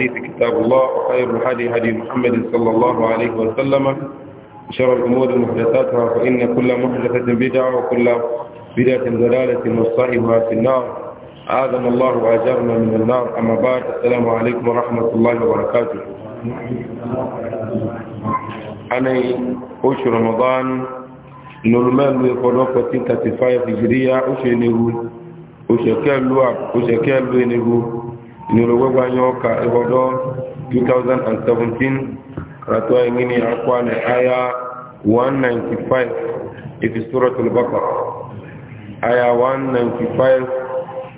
الحديث كتاب الله وخير الهدي هدي محمد صلى الله عليه وسلم شر الأمور محدثاتها فإن كل محدثة بدعة وكل بدعة ضلالة وصاحبها في النار آذن الله وأجرنا من النار أما بعد السلام عليكم ورحمة الله وبركاته أنا أوش رمضان نلمان ويقولوك في هجرية أوش نقول أوش كالوا أوش كالوا نقول nirogwagwa nyoka ihodo 2017 ratuwa ingini e akwa ni aya 195 ifi suratul baqara aya 195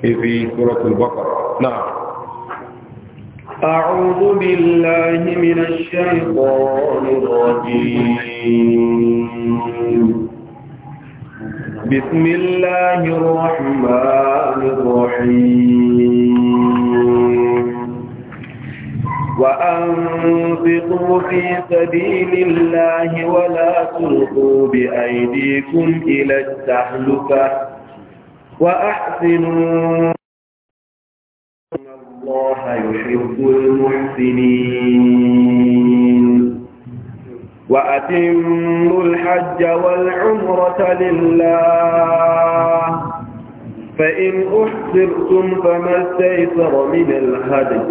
ifi suratul baqara na'am أعوذ بالله من الشيطان الرجيم بسم الله الرحمن الرحيم وأنفقوا في سبيل الله ولا تلقوا بأيديكم إلى التهلكة وأحسنوا إن الله يحب المحسنين وأتموا الحج والعمرة لله فإن أحسرتم فما استيسر من الهدي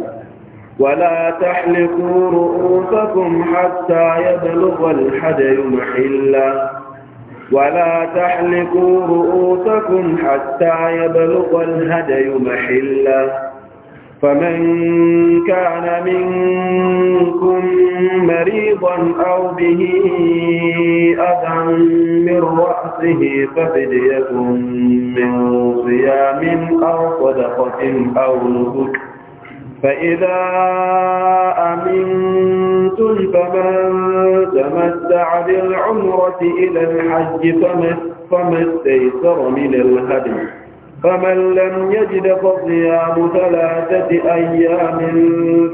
ولا تحلقوا رؤوسكم حتى يبلغ الحدي محلا ولا تحلقوا رؤوسكم حتى يبلغ الهدي محلا فمن كان منكم مريضا أو به أذى من رأسه ففدية من صيام أو صدقة أو نسك فإذا أمنتم فمن تمتع بالعمرة إلى الحج فما استيسر من الهدي فمن لم يجد فصيام ثلاثة أيام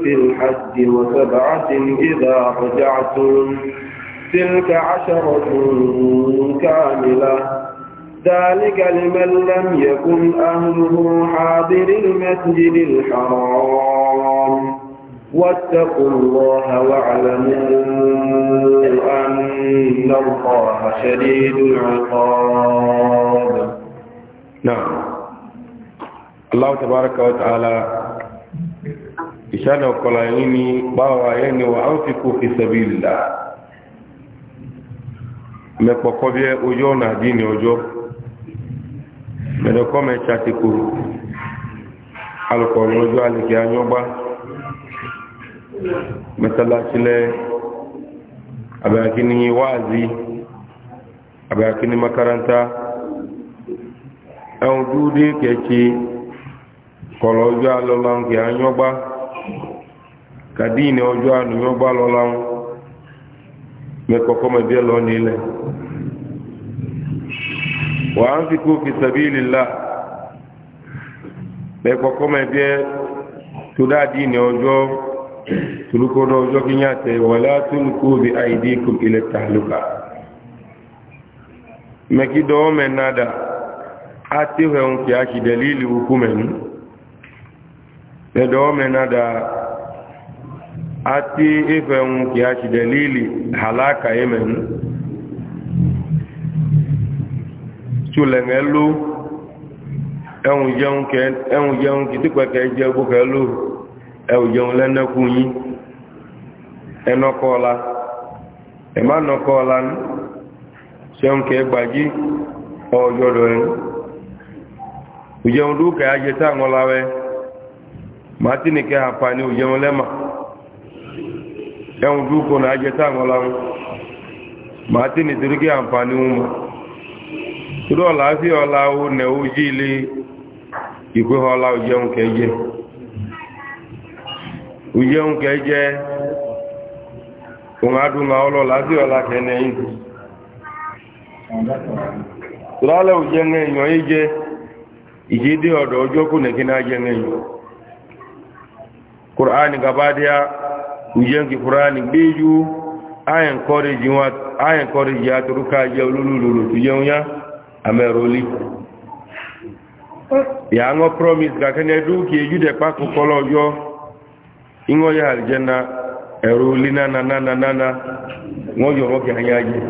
في الحج وسبعة إذا رجعتم تلك عشرة كاملة ذلك لمن لم يكن أهله حاضر المسجد الحرام الحرام واتقوا الله واعلموا أن الله شديد العقاب نعم الله تبارك وتعالى إشانة وقلعيني باوعيني وأنفقوا في سبيل الله مكوكوبية أجونا ديني أجو مدوكو مشاتكو alùpọ̀rọ̀ lójú alìkì anyọ́gbá mẹ́tàláṣílẹ̀ àbẹ̀yàkíní wáàzí àbẹ̀yàkíní makaranta ẹ̀hùn dúdé kẹ̀ẹ́kì kọ̀lọ̀ ojú alọ́láhùn kì anyọ́gbá kàdíìnì ọjọ́ ànúyọ́gbá lọ́láhùn mẹ́kọ̀ọ́kọ́ mẹ́bí ẹ̀lọ́ nílẹ̀ wà á ń fi kú fi sàbí bẹ́ẹ̀kọ́ kọ́mẹ̀ bí ẹ tó dáadí ní ọjọ́ tulukọ́nà ọjọ́ kí yá tẹ wà látúlùkú bí àìdí kò ilẹ̀ tààlùkà mẹ́kídọ́ ọmẹ́ náàdà á tí hẹun kí a kì dẹ̀lílì ukú mẹ́nu ẹ̀hùn jẹun kìtípẹ̀kẹ́ jẹ gbókẹ́ ló ẹ̀hùn jẹun lẹ́nẹ́kú yí ẹnọ́kọ́ọ̀lá ẹ̀má nọ́kọ́ọ̀lá ní ṣẹun kẹ́ gbàjí ọjọ́dọ̀ ẹ̀ òjẹun dúkẹ́ àwọn lẹ́mà dúkọ́ àwọn torí wọn tó ìgbéhọ́lá ojẹun kẹjẹ ojẹun kẹjẹ òun adúnmà ọlọ́lá sí ọlá kẹ́nẹ̀ yìí lọ́lẹ̀ ojẹun èèyàn yìí jẹ ìjídé ọ̀dọ̀ ọjọ́ kù nìkí náà jẹun èèyàn kùránì gabadíà ojẹun kì kùránì gbéjú áyẹ̀nkọ́rẹ̀jì àtúrúkà jẹ olúlúlúlù tó jẹun yá àmẹ́rọ̀lì ya ngo promise ga kan edu ki jude pa ko kolo yo ingo ya aljanna eru lina na na na na ngo yo roke hanyaji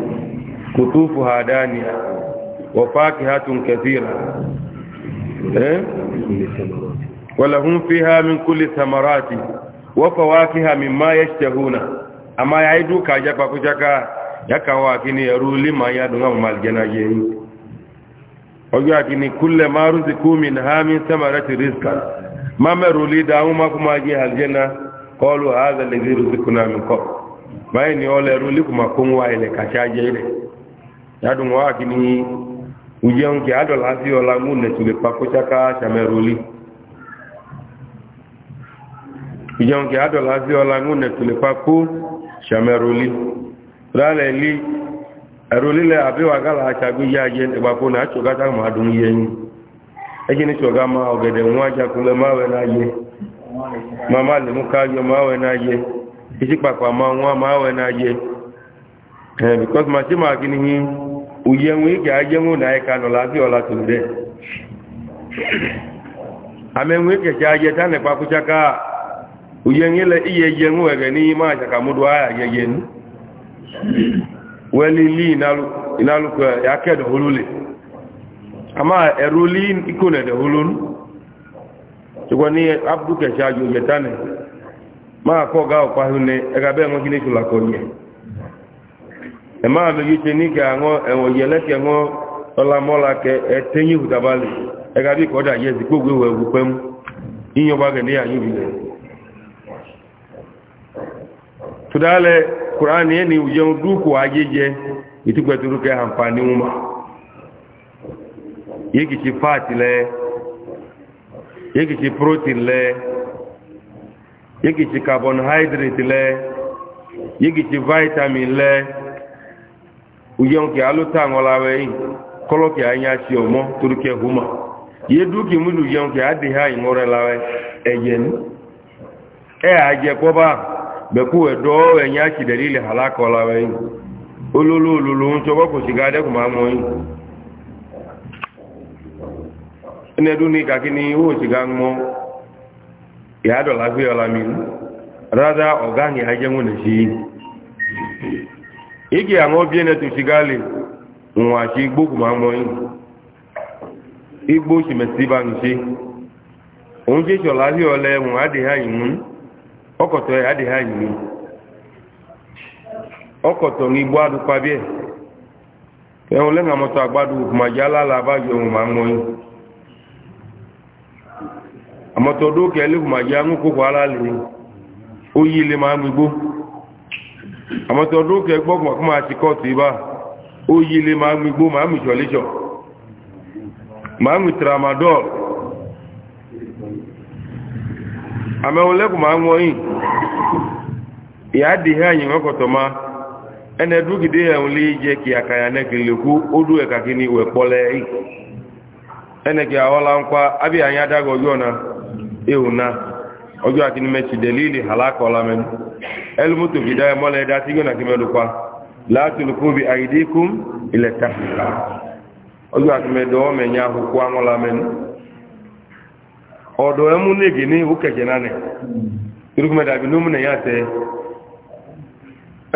kutufu hadani wa fakihatun kathira eh wala hum fiha min kulli thamarati wa fawakiha mimma yashtahuna ama ya idu ka japa kuchaka yakawa kini eru lima ya dunga maljanna yeye ọjọ́ àkíní kúlẹ̀ márùn ti kú min hami samara ti rizkan ma mẹ́rù lè dáhùn má kú máa jẹ́ aljẹ́na kọlu ààzà lè zí rizikun náà mi kọ́ báyìí ni ọlẹ̀ rú lè kùmà kún wá ilẹ̀ kàṣà jẹ́ rẹ̀ yádùn wọ́n àkíní ujẹun kí adọ̀lá sí ọlá mú nẹ̀tù lè pa kóṣáká sàmẹ́rù lè ujẹun kí adọ̀lá sí ọlá mú nẹ̀tù lè pa kó sàmẹ́rù lè rálẹ̀ lè ẹ̀rọlílẹ̀ àbíwàgálà àṣàgbé yá ayé ìgbàkó náà ṣọ̀gátà máa dùn yẹ yìí ẹjí ní ṣọ̀gá máa ọ̀gẹ̀dẹ̀ wọn ajakunlẹ̀ máwẹ̀ náà yẹ màmá lè mú káyọ máwẹ̀ náà yẹ ìṣípàpà wọn máwẹ̀ náà yẹ ẹ̀ because màṣí máa kí ni yín òye wọn ìgbà ayé wọn náà ẹ̀ka nọ̀lá bí ọ̀la tó iye yẹn wọn ẹ̀rẹ̀ ní máa ṣàkàmúdù ayà ní wẹ́lí lí ìnálùkọ̀ yákẹ́dọ̀ olólè a máa ẹ̀rọ lí ìkónẹ̀dẹ̀ olónú ṣùgbọ́n ní abdukẹ̀ṣẹ́ ajò mẹ́tánẹ̀ máa kọ́ ọ̀gá ọ̀páhún ní ẹgbẹ́ bẹ́ẹ̀ wọ́n kí ní ṣùlàkọ̀ yẹ ẹ máa lójú ṣe ní kẹ àwọn ẹ̀wọ̀n yẹ lẹ́kẹ̀ wọn ọlámọ́lá kẹ kurani yẹn ni ìjẹun dúkù ajẹjẹ ìtúpẹ̀tùrúkẹ́ turuke wọn yìí kìí ṣe fáàtì lẹ́ẹ̀ yìí kìí ṣe protein lẹ́ẹ̀ yìí kìí ṣe carbohydrate lẹ́ẹ̀ yìí vitamin le ìjẹun alụta alóta àwọn ọ̀làwẹ̀ yìí kọ́lọ́ kìí àyìn àṣì ọ̀mọ́ torúkẹ́ hùmà yìí dúkì múlù bẹ̀kú ẹ̀dọ́ ẹ̀yìn àṣìdẹ̀lì ilẹ̀ alákọ̀ọ́lá rẹ̀ yìí olólo olólò ń tọ́ kò sí gádẹ́kùn máa mọ́ yìí ẹnẹ́dún ní kàkí ní ó sì gá mọ́ ìyádọ̀lá fi ọlá mi rádá ọ̀gá ní ajẹ́wọ̀n igi àwọn máa mọ́ yìí igbó sì mẹ̀sí bá wọn ọkọ̀tọ̀ ẹ̀ adìhá yìí ọkọ̀tọ̀ ní igbó adùpa bí ẹ̀ ẹ̀hùn lẹ́nà mọ́tọ̀ àgbádù kùmàjá lára abájọ ohun ma ń wọ́n yìí àmọ́tọ̀ dókè ẹlẹ́ kùmàjá ń kókò ara lè ó yí ilé máa ń gbígbó àmọ́tọ̀ dókè gbọ́gbọ̀n kó máa ti kọ́ sí bá ó yí ilé máa ń gbígbó máa ń mìtọ̀lẹ́sọ̀ máa ń mìtìramadọ́ọ̀ àmẹ́hùn lẹ́kùn máa ń wọ́n yìí ya adịghị anyị nwekọtọma ena-edugide ya nwele ije ka ya ka e ya nekelekwu odu eka gịnị wee kpọle eneke aghọla nkwa abịa anyị adaghị ọjọọ na ehuna ọjọọ akị n'ime chidelili halakọla men elmoto gide ya mọla ede atịgo na kimedụkwa latulukubi aidikum iletafrika ọjọọ akị medo menye akwụkwọ anwụla men ọdọ emu negi n'ihu keke nanị turukumeda bi n'omu na ya tee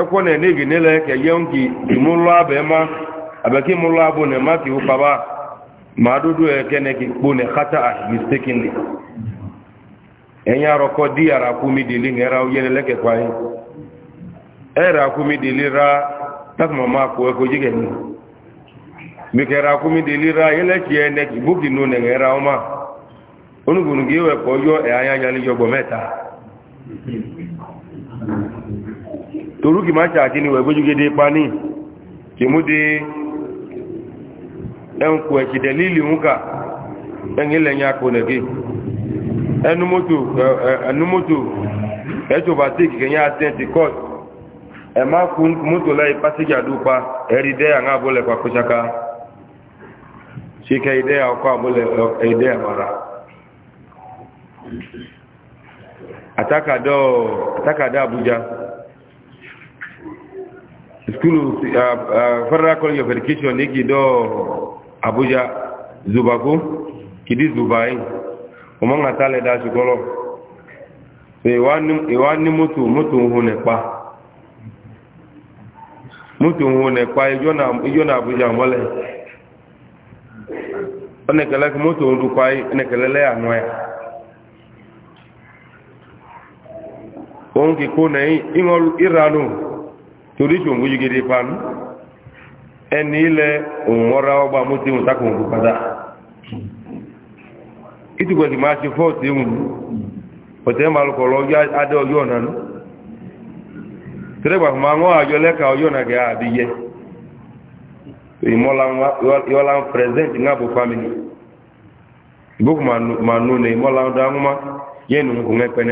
Ekwọ na ene gi nele ke ye ngi imulu abema abeki mulu abu ne mati upaba madudu eke ne ki kpone khata mistakenly enya roko di ara kumi dili ngera uyele leke kwa yi era kumi dili ra takma ma ko e mi kera kumi ra yele ki ene ki toruki ma ṣe àti níwẹ̀ gbójúgédé pani kì mú dé ẹnkù ẹ̀kìdẹ̀ lílì ń kà ẹni lẹ́yìn akọ̀nẹ̀gẹ́ ẹnumoto ẹ̀tọ́ bá tí kìkẹ́ yẹn àtẹ́ntì kọ́t ẹ̀ má kú mọ́tò láì pásíjà dúpa ẹ̀rí dẹ́ àwọn abọ́lẹ̀ pàkóṣaká ṣe kẹ́ ìdẹ́ ọkọ̀ abọ́lẹ̀ ìdẹ́ àmàrà àtàkàdá àbújá skulu uh, uh, federal college of education ní kìdọ́ abuja zubako kìdí zubai ọmọ ń àtàlẹ̀ dá ṣùkọ́lọ̀ ìwá ní mọ́tò mọ́tò ń hún ẹ̀pá mọ́tò ń hún ẹ̀pá ijọ́ na abuja mọ́lẹ̀ ọ̀nẹ̀kẹ̀lẹ́ kí mọ́tò ń dúkọ́ ẹ̀nẹ̀kẹ̀lẹ́ lẹ́yà náà òun kìkó nẹ̀yìn ìrànú torí tí òun yígede panu ẹni ilẹ̀ òun ọ̀rá ọgbà mútí òun takò òun padà ìtùkọ̀ sì máa ṣe fọ́ọ̀tì òun ọ̀tẹ́ máa lọ́kọ̀ lọ adé ọjọ́ ọ̀nà nù tẹ́lẹ̀gbà fún àwọn àjọ lẹ́ka ọjọ́ ọ̀nà kẹ́ àbí yẹ ìmọ̀lá ń pẹ̀rẹ́sẹ̀ntì ní àbò fámìlì ìbókù máa nù ní ìmọ̀lá ń dá ń mọ́ yẹ́nu kò ń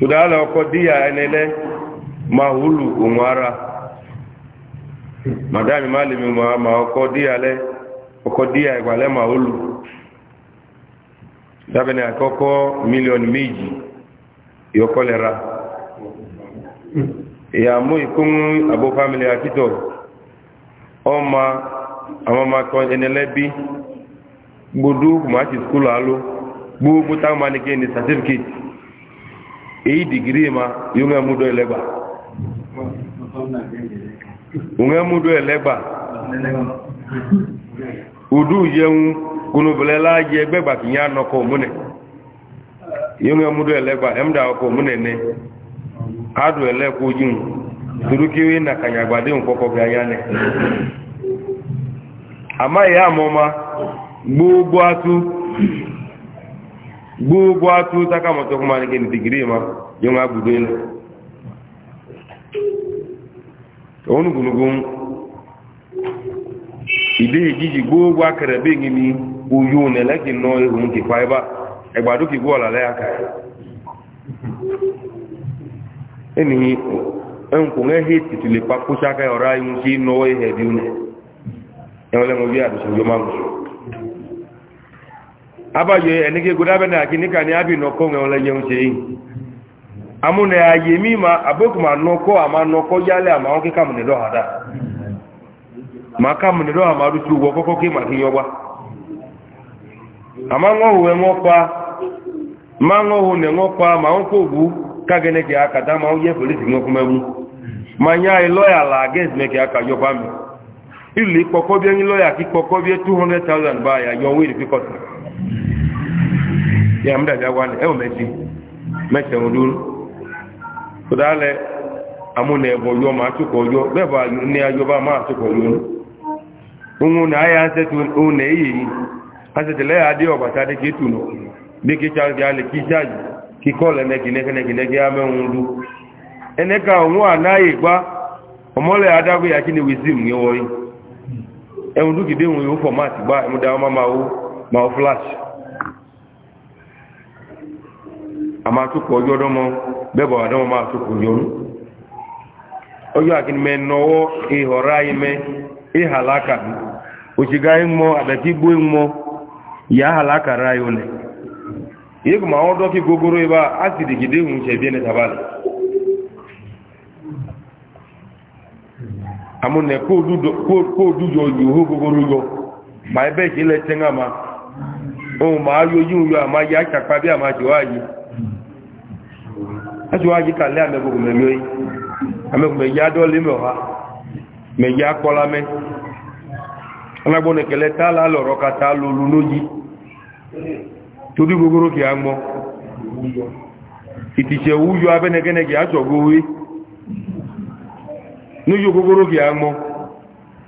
tụdala ọkọ di ya enene ma hulu onwe ara madami malimi ma ma ọkọ di ya le ọkọ di ya ìgbàlẹ ma hulu dábẹni àkọkọ mílíọnù méjì ìyọkọlẹra ìyàmú ìkún àbò fámìlì àtìtọ ọma àwọn ọmọ akọ ẹnẹlẹbi gbodú kùmà ti skul alo gbogbo táwọn máa ní kí certificate èyí dìgírí ma yóò ń múdọ̀ ẹlẹ́gbà òun ń múdọ̀ ẹlẹ́gbà òdú yẹun kùnùbìlẹ̀ láàyè ẹgbẹ́gbà kì í yá nọkọ̀ òmúnẹ̀ yóò ń múdọ̀ ẹlẹ́gbà ẹ̀mdà ọkọ̀ òmúnẹ̀ ní adù ẹlẹ́kọ̀ ojúun turukiwe na kànyàgbàdé òǹkọ́kọ́ bí ayá nẹ̀ àmá ìyá àmọ́ ma gbogbo atú gbogbo atu taka mọ tọkọ ní kí ni ma yóò máa gbùdó ilẹ̀ òun gùnugùn ìdí ìjíjì gbogbo akẹrẹ bí i ni oyo nẹ̀lẹ́ kì ná ohun kì fa ẹbá ẹgbàdó kì gbọ́ ọ̀làlẹ́ aka ẹni ẹnkùn ẹ̀hẹ́ tìtù lè ọ̀rá ihun sí náwó ẹ̀hẹ́ bí i ẹ̀wọ̀n lẹ́mọ̀ abayo enike guda bena akinika ni abi no konwe ole yeun se yin amune aye mi ma aboku ma no ko ama no ko yale ama o kika do hada ma ka mune do ama ru tuwo ki ma kiyo gba ama ngo we ngo pa ma ngo hu ne ngo pa ma o ko ka gene ki aka da ma o ye police ngo ma mu ma nya i e lawyer la against me ki aka yo pa mi ili kpọkọ bí ẹni lọ́yà kí ya mda ja gwani ewo meti meti oduru kudale amune bo yo ma tu ko yo be ba ni ayo ba ma tu ko yo na ya se tu une yi ase o de tu no bi cha le ki cha ki ko le ne ki ne ne ki ne ya me ene ka gba ya wisdom ni wo yi du ki de yo format àmà àtúkọ̀ ọjọ́ ọdọ́mọ bẹ́bọ̀ àdọ́mọ máa àtúkọ̀ ọjọ́ ọdún ọjọ́ àkínimẹ̀ nọwọ́ ìhọ̀rá imẹ́ ìhàlákà òṣìgá ìmọ̀ àdàtígbó ìmọ̀ ya àhàlákà rá ìhọ̀nẹ̀ yíkù ma wọ́n dọ́kí gogoro ibá ásìdì gidi gogoro ma ẹbẹ́ ìṣẹ́lẹ̀ tẹ́ńgà ma ohun ma yóò yíhun yọ àmá bi ama bí àmá ṣèwáyìí aṣíwájú kàlẹ́ àmẹ́gbogbo mẹ́lú yìí àmẹ́gbogbo mẹ́jì adọ́lé mẹ́wàá mẹ́jì akọ́lámẹ́ alágbọ́nẹ̀kẹ́lẹ́ tààlà lọ́rọ̀ kàtà lólu lójí torí gbogbo kì á mọ́ ìtìṣẹ́ wúyọ abẹ́nẹgẹ́nẹgì aṣọ̀gbówé níyọ gbogbo kì á mọ́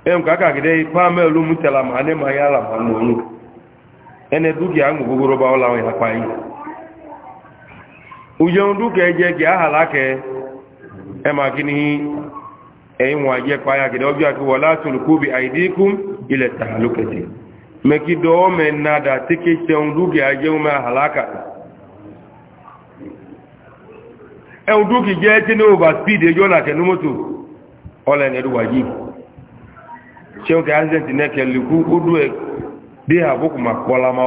ẹ̀m kàkàkìdẹ́ ipá kì a tẹ̀lá màá ní ya yá yi. ujeun duka je ki ahalake e ma kini ẹ̀yin wọn jẹ́ payá gẹ̀dẹ̀ ọjọ́ àti wọ́n látún kú bí àìdíkún ilẹ̀ tààlùkẹ̀tẹ̀ mẹ́kí dọ́ọ́ mẹ́nàdà tí kí ṣẹun dúkìá jẹun mẹ́ àhàlákà speed ẹjọ́ nà kẹ̀ númọ́tò ọlẹ̀ ẹ̀dùwà yìí ṣẹun kẹ́ accident ní ẹ̀kẹ́ lùkú ó dú ẹ̀ dé ma kpọla ma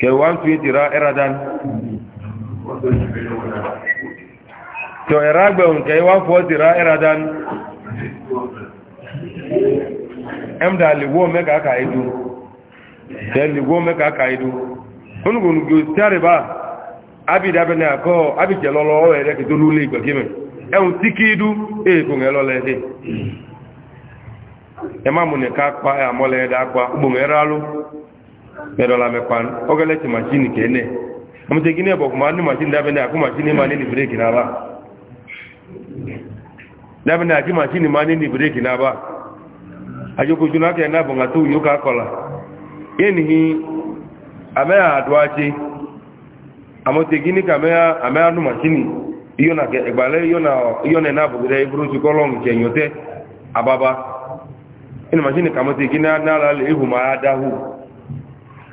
ke 120 ra iradan to iragbeun ke 140 ra iradan emda ligwo meka aka idu e te ligwo meka aka idu e tare ba abi ko abi je lolo o e ke igbe E tikidu e ko nge lolo ede e ma mu ne ka pa e ede gbo nge ralu mẹ́rọ̀lá mẹ́kwan ọgẹ́lẹ́tì màṣínì kẹ́ẹ̀lẹ̀ ọmọdé gíní ẹ̀bọ̀ kùnmọ́ ní màṣínì dábẹ́nà àkú màṣínì máa nínú ìbírèkì náà bá dábẹ́nà àkí màṣínì máa nínú ìbírèkì náà bá àjọkòjú lákẹ́ náàbọ̀n àtó yóò ká kọlà yẹ́nìí àmẹ́yà àdúwáṣe àmọ́tẹ̀ gíní kàmẹ́yà nù màṣínì ìgbàlẹ́ yọ́nà náàbọ̀gẹ́rẹ́ ibúrúṣù kọ́lọ́ọ̀nù àbábá gíní náà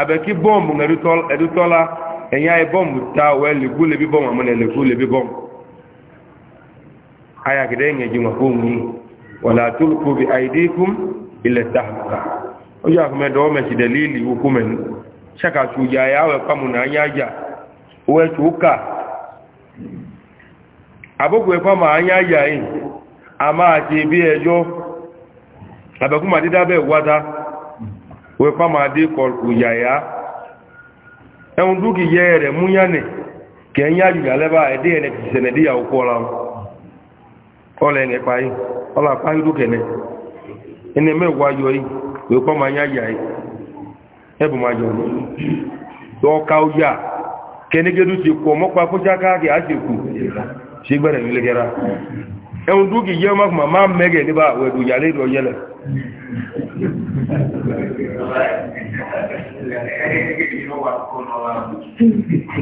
abeki bɔmbu ɛdutɔla ɛnya yi bɔmbu ta wɛ leku lebi bɔmbu amuna leku lebi bɔmbu aya kede ŋa dzi ma ko ŋu wala tuluku bi aidikum ilẹ tahluka o yà fún mi dɔwɔ mɛ si dalili wuku mɛ nu saka tu dza ya wɛ kpamu na anya dza wɛ tu ka aboku yɛ anya dza yi ama ati bi ɛdzɔ abeku ma dida bɛ wata. wee kwa ma dị ya enwụ ya ere mụ ya ka enye ajụjụ aleba ede ya na di ya ọla ene ọla akpaghị dukene ene gwa yoyi wee kwa ma ya ebu ma jọ ọka ụya kenegedu kwụcha aka gị a chekwu shi gbere ya ma ma mmeghe a wee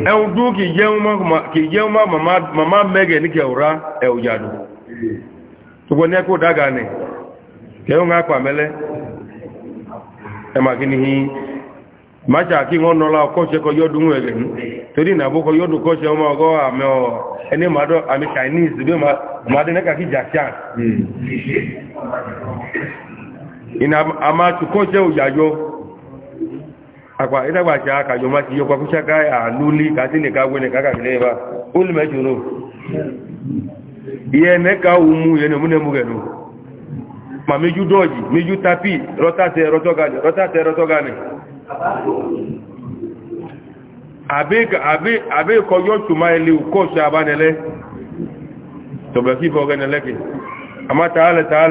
Ewudu dúó kì í jẹun má màmá mẹ́gẹ̀ ní kẹwùrá ẹ̀wù yàdù ní ẹkùn dága nì kẹwùn á pà mẹ́lẹ́ ẹmà kí ni hìn máṣà kí wọ́n nọ́lá ọkọ́ṣẹ́ kọ yọ́dún ẹ̀rẹ̀ yọ́dún kọ́ṣẹ́ ọmọ ina ama tukọ jẹ òyàyọ àpà ìdàgbàjá àkàjọ máa ti yọ pa fúnṣẹ́ ká àlúlí kàtí lè káwé ní kàkàkìlẹ̀ ìbá ó lè mẹ́jọ náà ìyẹ́ mẹ́ka òmú ìyẹnì múnẹ̀mú rẹ̀ nù ma méjú dọ́ọ̀jì méjú tapi rọ́tàtẹ̀ rọ́tọ́gani àbẹ́kọ̀yọ́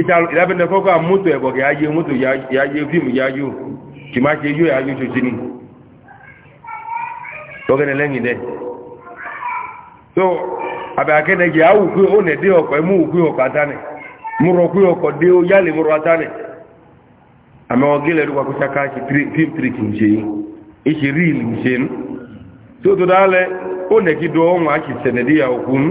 ìdábẹ̀nẹ̀ kọ́kọ́ àmútò ẹ̀bọ̀gẹ̀ ayé mútò yáyé fíìmù yáyó kì máa ṣe yóò yáyó ṣoṣí ní lọ́gẹ́nẹ̀ lẹ́yìn dẹ́ so àbẹ̀kẹ́nẹ̀ jẹ́ àwùkú ó nẹ̀ dé ọkọ̀ ẹmú òkú ọkọ̀ àtánẹ̀ múrọ̀ kú ọkọ̀ dé ó yálè múrọ̀ àtánẹ̀ àmọ́ ọgẹ́lẹ̀ ló wàkúṣà káàkì fíìm tìrìkì ṣe yìí ìṣe ríìlì ṣe ní tó tó dálẹ̀ ó nẹ̀ kí dọ́ ọ̀hún àṣìṣẹ̀nẹ̀díyà òkú nù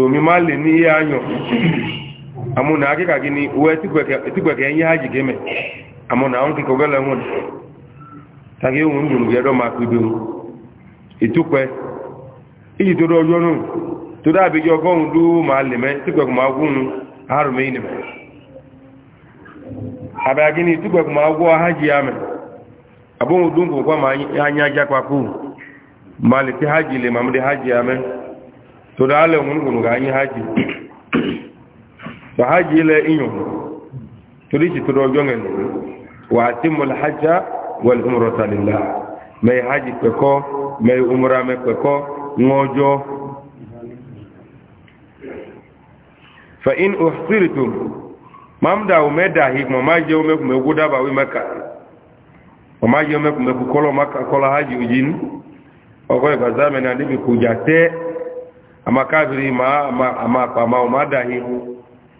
omi ma lè ní ihe anyọ amụna akíkà gí ni uwe tígbẹ̀kẹ̀ ẹ̀yìn hajj gẹ́mẹ̀ amúnà àwọn kíkọ̀ gẹ́lẹ̀ wọn tàbí ohun ìdùnnú gẹ́dọ̀ máa fi dùn ìtúpẹ́ ìyí tó dọ́jọ́ nù ọgọ dábí jọ gọ́hùn dú máa lè mẹ́ tígbẹ̀kù máa hajj hajj to da ala mun gunu ga anyi haji to haji la inyo to di ci to do jongen wa timul hajja wal umrata lillah mai haji pe ko mai umra me pe ko fa in uhsirtum mamda umeda hi mo maje o meku meku daba wi maka o maje o meku meku kolo maka kolo haji ujin o ko ga zamena dibi kujate ama kafiri ma ama pa ma ma dahi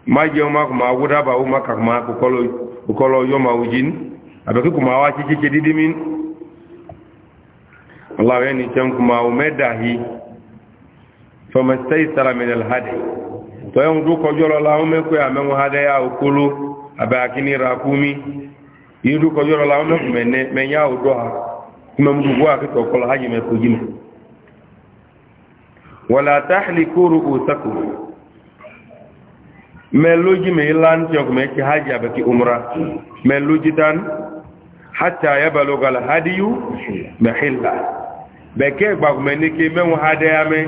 ma je ma ma wuda ba ma ka ma ko kolo ko kolo yo ma ujin abe ko ma wa ci ci didi min Allah ya ni tan ko ma o medahi fa mastaysara min al hadi to yon du ko jolo la o me ko ya me ngo hada ya okulu abe akini rakumi yidu ko jolo la o me ko me ne me ya o do ha kuma mu du ko ko la haji me ko jima wala tahliku ru'usakum meluji me lan jog me ci haja ba ki umra meluji tan hatta yabaluga al hadiyu mahilla be ke gba me ni ke me hade ya me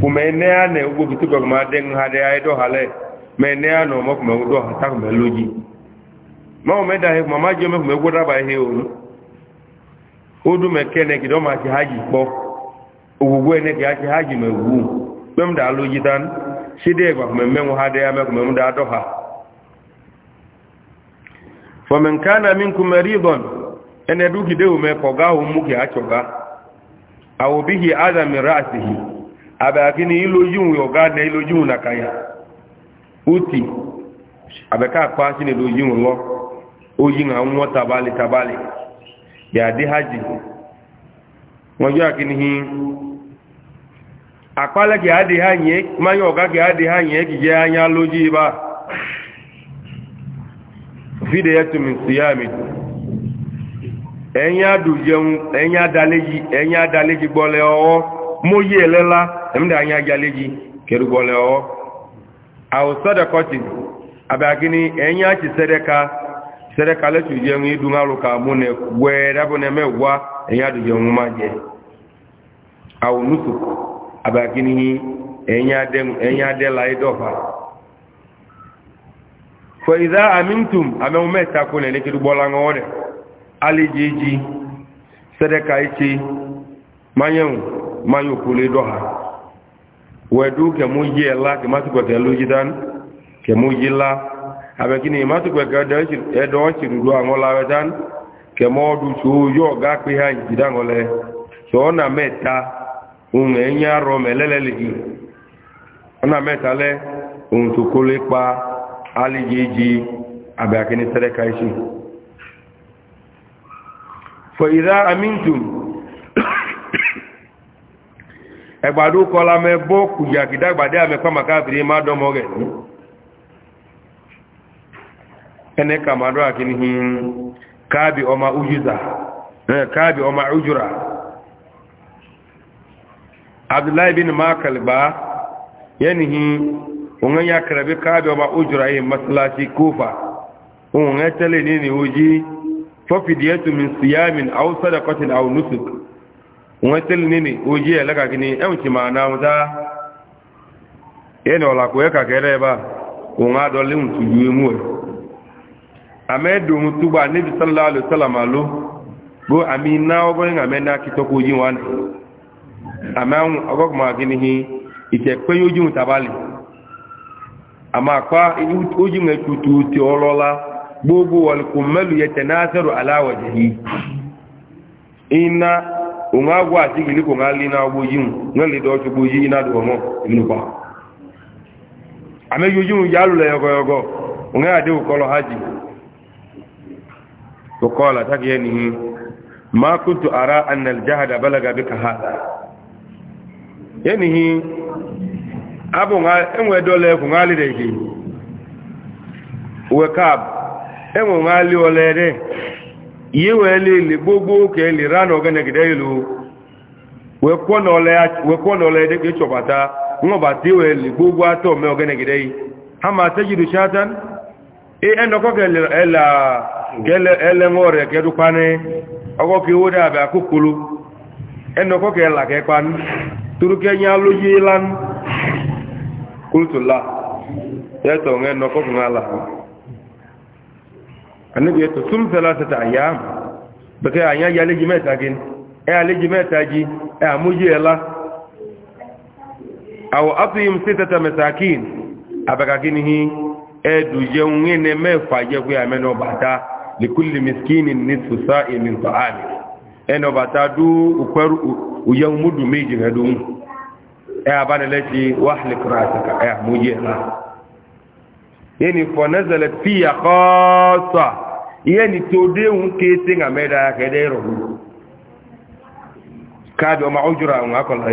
ku me ne ya ne ugo bitu gba ma den hade ya do hale me ne ya ogwugwe ne ka ake ha ji ma egwu mgbe m daalụ jitan shide gwa mmemme nwa ha dị ya mekwa mmemme da adọ ha famin kana minkum maridon ene dugide ume ko ga hu muke acho ga aw bihi adam ra'sihi abakini ilo yun yo ga ne ilo yun na kaya uti abeka pa sini do yun lo o yin awon tabale tabale ya di haji won yo akini akpala gị adịghị anya mmanya ọga gị adịghị anya egige anya alụji ba vide ya tumi siyami enye adujenwu enye adaleji enye adaleji gbọle ọwọ moyi elela emde anya agaleji kedu gbọle ọwọ awu sadakọti abagini enye achi sedeka sedeka letujenwu idun alụka mụ na gwere abụ na eme gwa enye adujenwu ma je Awụ nusuku abakinihi ẹ̀yìn adẹ́la ìdọ́fà fọ ìdá àmìntùm àmẹ́hùn mẹ́ta kò nẹ̀lẹ́ kí dúgbọ́lá ń wọ́n rẹ̀ alẹ́jẹ́jì sẹ́dẹ́ka ìṣe mayẹ̀hùn mayẹ̀ òkúlé dọ́ha wẹ̀dú kẹmú yí ẹ̀lá la lójí dán kẹmú yí lá abẹ́kíní ìmásùgbẹ̀kẹ́ ẹ̀dọ́ ṣìrùdó àwọn yọ ọ̀gá pé hàn ohun ẹ̀yìn arọ mẹ́lẹ́lẹ́lẹ́gì ọ̀nà mẹ́talẹ́ ohun tó kó lé pa alìyéjì àbẹ̀akíní sẹ́rẹ́ka iṣẹ́ fọ̀ ìdá amíntùm ẹgbàdó kọla mẹ́ bọ́ kùjàkìdàgbàdé àmẹ́kọ́màkáfìrí má dọ́mọ́ rẹ̀ ẹnẹ́ kàmàdọ́ àkíní káàbì ọmọ ujúra abdullahi bin makal ba yanihi ungan ya karabi kabe ba ujura yin masallaci kufa ungan tale ne ne uji min siyamin aw sadaqatin aw nusuk ungan tale ne ne uji ya laga gini en ci mana muta yana wala ko ka kere ba unga do lin tuju mu nabi sallallahu alaihi wasallam amina na àmà ọgọ́gùnmọ̀ akínihì ìtẹ̀ pé yóò jíun tàbálì àmà pa ó jíun ẹ̀tùtù ti ọlọ́lá gbogbo wọ̀lùkù mẹ́lù yẹ tẹ̀ aláwọ̀jẹ̀ yìí iná òun àgọ́ àti ìlú ma kuntu ara balaga bika hada yenihi abụ enwe dole ekwu ngalire gị wekab enwe ngali olere yiwe lili gbogbo ka eli rana ogenegide ilu wekwo na ole dị ka ịchọbata nwọbata iwe li gbogbo atọ ome ogenegide yi ha ma tejidu shatan e, enọkọ ele nwe ọrịa kedukwanị ọgọ ka iwo dị abịa kụkulu enọkọ ka ela ka ekpanụ turuke ñaalu ji lan ya la yeto ngeen noko ngala anne yeto sum salatata ayyam bakay anya yale ji meta gin e ale ji meta ji e amuji ela aw atim sitata masakin abaka gin hi e duje ngene me faje ku ya meno bata likulli miskinin nisfu sa'i min ta'amihi ẹni ọba ta dú na òyẹ múdù méjì ẹ abánilẹ́sí wáhálì kìrásìkà ẹ àmójì ẹ̀lá yẹni fọ̀nẹ́sẹ̀lẹ̀ fi àkọ́ọ̀sọ̀ yẹni tó déhùn kéèsì ń àmẹ́dà kẹ́dẹ́ ìrọ̀lú káàdì ọmọ ọjọ́rọ̀ àwọn akọ̀lá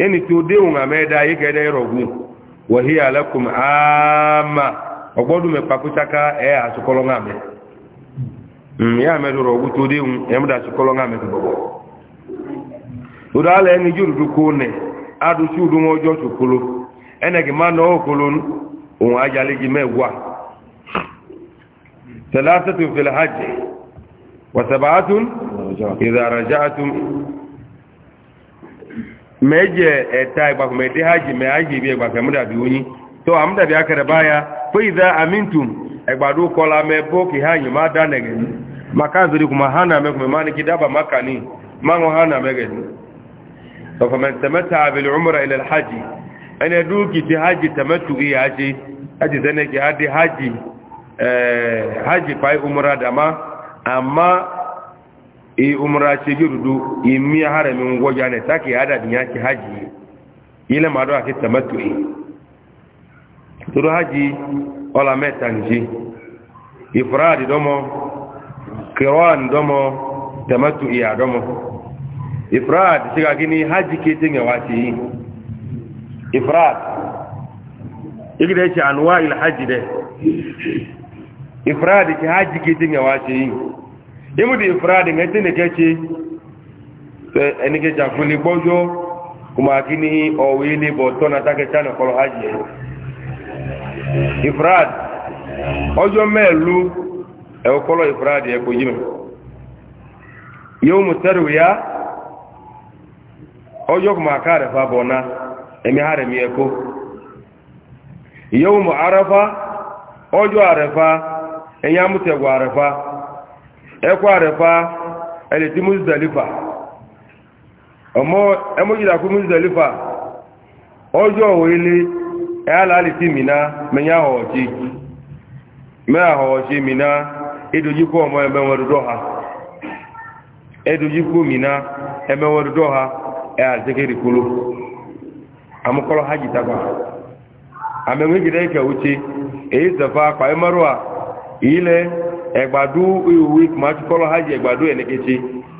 yẹni tó déhùn àmẹ́dà yìí kẹ́dẹ́ ìrọ̀lú wọ̀hí alẹ́kùn àmà ọgbọ́dún mẹ́pàkútáká ẹ àsukọ́lọ́ ń àmẹ́ Mm, ya mẹ́rin rọ̀ ogún tó déhun ẹmúdà sí kọ́lọ́ náà mẹ́rin bọ̀bọ̀. chukulu, alẹ́ ẹni jù dúdú kó nẹ̀ adùsí ìdún ọjọ́ ṣòkolo ẹnẹ̀kì máa náà òkolo ohun ajálégi mẹ́wàá tẹ̀lásẹ̀tún fìlà hajj wàtàbàátún ìdàràjáàtún mẹ́jẹ ẹ̀ta ìgbàkùnmẹ́dé hajj mẹ́ hajj bí ẹgbàkùnmẹ́dàbí oyin tó àmúdàbí akẹrẹ báyà fẹ́ ìdá amíntum egbado kola me boki hanyu ma danege ni makazuri kuma hana me kuma mani kidaba makani mango hana mege ni so fa man tamata bil umra ila al hajj ana duki ti haji tamattu i haji haji dane ki hadi haji eh haji pai umra dama amma i umra ci girdu i mi harami ngoja ne taki toro haji ola meta nji ifradi domo kiran domo tamatu iya domo ifrad siga gini haji ke tinga wati ifrad igide ci anwa il haji de ifrad ki haji ke tinga wati imu di ifrad ngati ne kece enike ja kuni bojo kuma kini owili botona take chana kolo haji ifrad ọjọ́ mẹ́ẹ̀lú ẹ̀kọ́lọ̀ ifrad ẹ̀kọ́ yìí yóò mú tẹ́rù ya ọjọ́ kùmọ̀ àká rẹ̀ ẹ̀mí ha rẹ̀ mi ẹ̀kọ́ mú arafa ọjọ́ àrẹfà ẹ̀yà mútẹ̀wọ̀ àrẹfà, ẹ̀kọ́ àrẹfà ẹ̀lẹ̀ tí ọjọ́ ala aliti mina menye ahọọchi mee ahọọchi mina edojikwa ọmọ emenwerudo ha edojikwa mina emenwerudo ha eazikirikulu amụkọrọ ha jitakwa amenwegide ike uche eyi sefa akpa emerụa ile ẹgbàdú ìwé kùmátúkọ́lọ́ hajj ẹgbàdú ẹnìkẹsí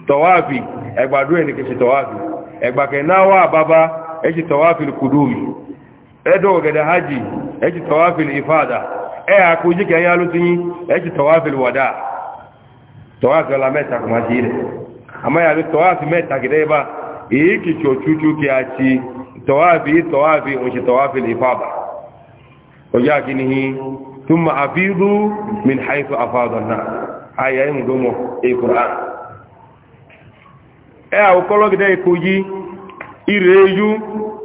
tọwáàfì ẹgbàdú ẹnìkẹsí tọwáàfì ẹgbàkẹ̀ náà wà bàbá ẹ̀ṣì tọwáàfì kùdùmí ẹ̀dọ̀ ọ̀gẹ̀dẹ̀ hajj ẹ̀jì tọ́wáfìlì ìfáàdà ẹ̀ àkójí kẹyà ló ti yín ẹ̀jì tọ́wáfìlì wọ̀dá tọ́wáfì mẹ́ta kò máa ti rẹ̀ àmáyàrí tọ́wáfì mẹ́ta gẹ̀dẹ́ bá èyí kì a ti tọ́wáfì min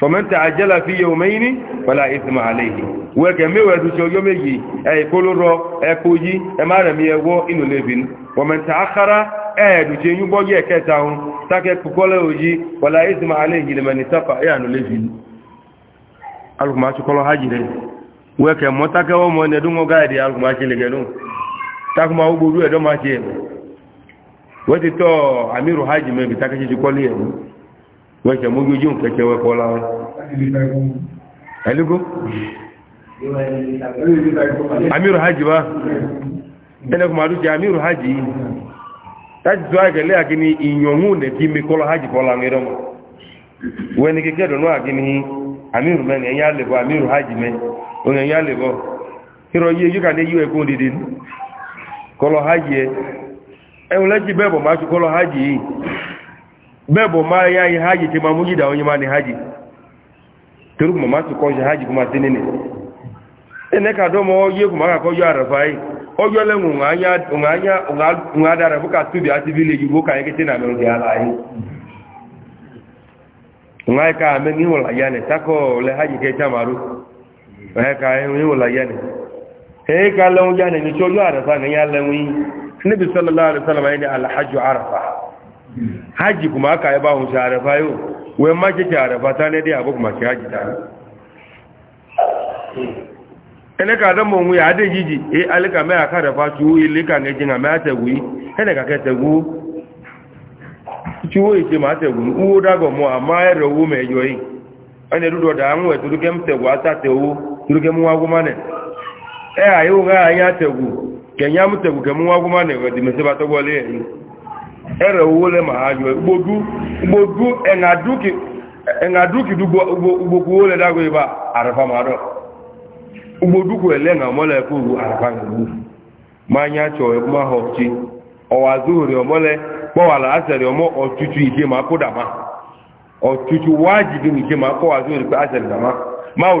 فمن تعجل في يومين فلا إثم عليه وكما يدوش يومي أي كولورو أي كوجي أما رمي أغو إنو لبن ومن تأخر أي دوش يومي كتاهم تاكي كولوجي ولا إثم عليه لمن اتقى يعني لبن ألوك ما شكولو هاجر وكما متاكي ومن يدوم غايري ألوك ما شلقلون تاكي ما أبو دو يدوم هاجر وتتو أمير هاجر من بتاكي شكولي يعني wẹ́kẹ̀ mú yóò kẹ́kẹ́ wẹ́kọ́ láwọn ẹlúgbó amíru hajji wá ẹlẹ́kùn màá dúkẹ́ amíru hajji yìí láti tó àgẹ́lẹ́ àgíní ìyọ̀nwó nẹ̀ kí mi kọ́lọ hajji kọ́lọ amíru mọ́ wẹ́ni kẹ́kẹ́ dọ̀nà àgíní amíru mẹ́ni ẹ̀yà lẹ́bọ̀ amíru hajji mẹ́ òun ẹ̀yà lẹ́bọ̀ kírọ yíye yíkà ní yíò bẹ́ẹ̀bọ̀ ma yá yí hajji tí ma mú jìdá onye ma ní hajji torí ma máa tukọ́ ṣe hajji kùmọ̀ sí nínú na kàdọ́mọ́ yé kùmọ̀ àkọ́kọ́ àrẹ̀fà yìí ọjọ́ lẹ́wọ̀n òun adára fúkà túbí àti bí lè yìí kàyẹ́ kété nà mẹ́rin ya ara yìí na àyíká àmẹ́ ní ya haji kuma aka yi bahun shi arafa yau wai ma kike arafa ta ne dai abu kuma ki haji ta ene ka da mo ya de jiji e alika me aka arafa tu ile ka nge jinga me ategu ene ka ke tegu tu o ise ma tegu u da go mo ama ero wu me yo yi ene du do da anwo e turu kem tegu ata tewu turu kem wa n'e. mane e ayo ga anya tegu kenya mu tegu kem wa go mane go di me se ba to go le yi ere wole ma ha jọ gbogbo gbogbo ẹ̀ngàdúkì gbogbo wole dágbé bá àrẹfà máa dọ̀ gbogbo ẹlẹ́ngà mọ́lẹ̀ kó àrẹfà ìlú máa nyá tọ ẹkú máa hàn ọtí ọwà zóòrè àṣẹrẹ ọmọ ọtútù ìdí máa kó dàmá máa àṣẹrẹ dàmá máa ò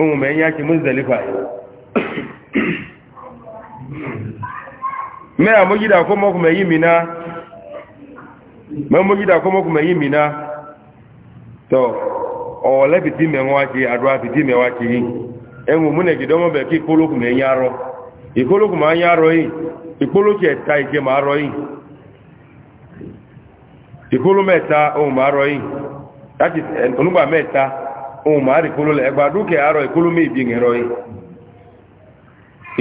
ohun mẹ́ yá kí mọ́sílẹ̀lẹ́fà yìí mẹ́ àmójídà kọmọkùnmẹ̀ yìí mìíná mẹ́ mójídà kọmọkùnmẹ̀ yìí mìíná tọ́ ọ̀ọ̀lẹ́ fìtí mẹ́wàá kí àdúrà fìtí múnẹ̀ kì dọ́mọ́bẹ̀ kí ohun rọ ohun máa rí kóló ẹgbà dúkẹ́ àárọ̀ ìkóló méjì ìrọ̀ yìí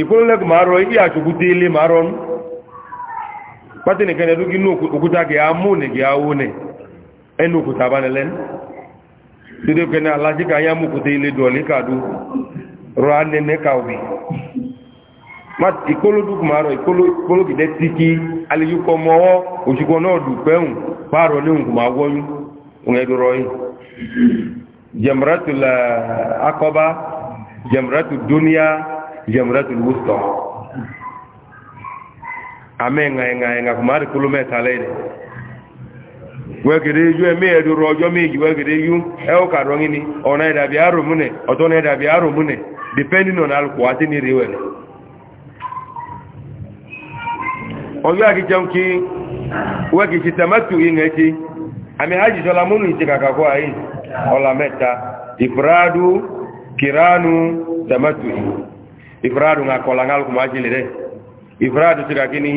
ìkóló lẹ́kùn máa rọ ibi àṣòkú tí ilé okuta rọ́nú amu nìkan ẹ̀dú kí ne, enu okuta amú nìkìí awó nì ẹnu òkúta abánilẹ́nu títí pé ní alájíkà yá mú òkúta jamratu la eh, akọba jamratu duniya jamratu wusta ame ŋa ŋa ŋa kuma de kolo mɛ talɛ de wɛgede yu ɛmɛ yɛ do rɔjɔ mi yi wɛgede yu o ka dɔn ŋini ɔna yɛ dabi aro mu nɛ ɔtɔ na yɛ aro mu depending on alu kuwa ti ni re wɛ lɛ ɔyɔ akitsɛn ki wɛgede tɛmɛtu yi ŋa eti ame hajj sɔla mu nu yi ti kaka kɔ ayi ọlá mẹ́ta ìfúrádù kìránù tẹ̀mẹ́tù ìfúrádù ń akọ̀lá ń alùpùpù ajílẹ̀ rẹ̀ ìfúrádù ti kàkí ní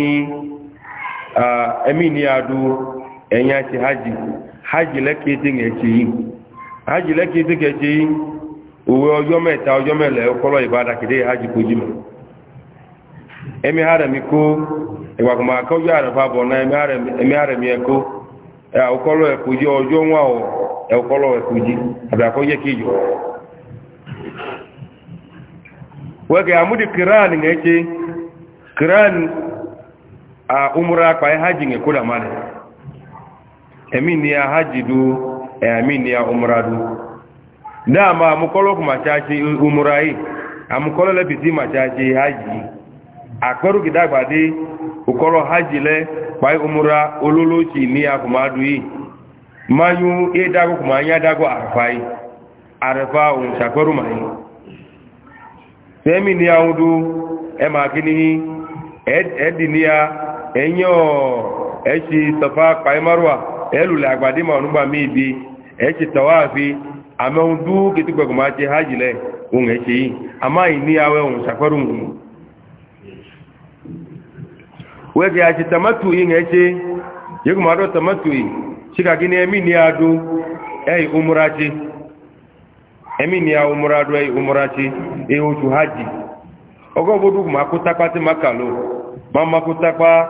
ẹ̀mí ní adú ẹ̀yìn àti hajj hajj lẹ́kẹ̀ẹ́tẹ̀kẹ̀ẹ́ hajj lẹ́kẹ̀ẹ́tẹ̀kẹ̀ẹ́ òwe ọjọ́ mẹ́ta ọjọ́ mẹ́lẹ̀ ọkọ́lọ́ ìbáda kìdé hajj kojú mọ́ ẹ̀mí hàrẹ̀mí kó ìwàkùnmọ̀ akọ́jọ́ àrẹ̀fà bọ̀ náà ẹ̀mí hàrẹ̀mí ẹ̀kọ́ ọkọlọ ẹ̀kùjí ọjọ́ wọn ọ̀ ẹ̀kọlọ ẹ̀kùjí àbàkọ́jẹ́ kéjọ wẹ́kẹ̀ àmúdì kìránì ní ẹ́kẹ́ kìránì a umura pa ẹ hajji ní kúrò àmàlẹ̀ ẹ̀mí ni a hajji dú ẹ̀mí ni a umura dú dáàmà àmúkọlọ́kù màcáṣe umura yìí àmúkọlọ́lẹ́bìtì màcáṣe hajji yìí akpẹ́rù gidagba dé ukọ́rọ̀ kpai umura olólóòtì ní akùnmádù yìí mayu édágó kùmà ń yádágó àrẹ̀fà yìí ni a ẹ̀yìn ọ̀ ẹ̀ṣì sọ̀fà kpáyé márùwà ẹ̀lùlẹ̀ àgbàdì mà bi ẹ̀ṣì tọ́wáàfi àmọ́ ohun dú kìtìkọ̀ kùmà ṣe hajj lẹ́ òun ẹ̀ṣì yìí àmọ́ àyìn ní àwọn òun wege ya ci tamatu yi nga ce yi kuma do tamatu yi shi ka gini emi ni adu ei umura ci emi ni a umura adu ei umura ci e otu haji ogo bodu ma ku takpa ti makalo ma ma ku takpa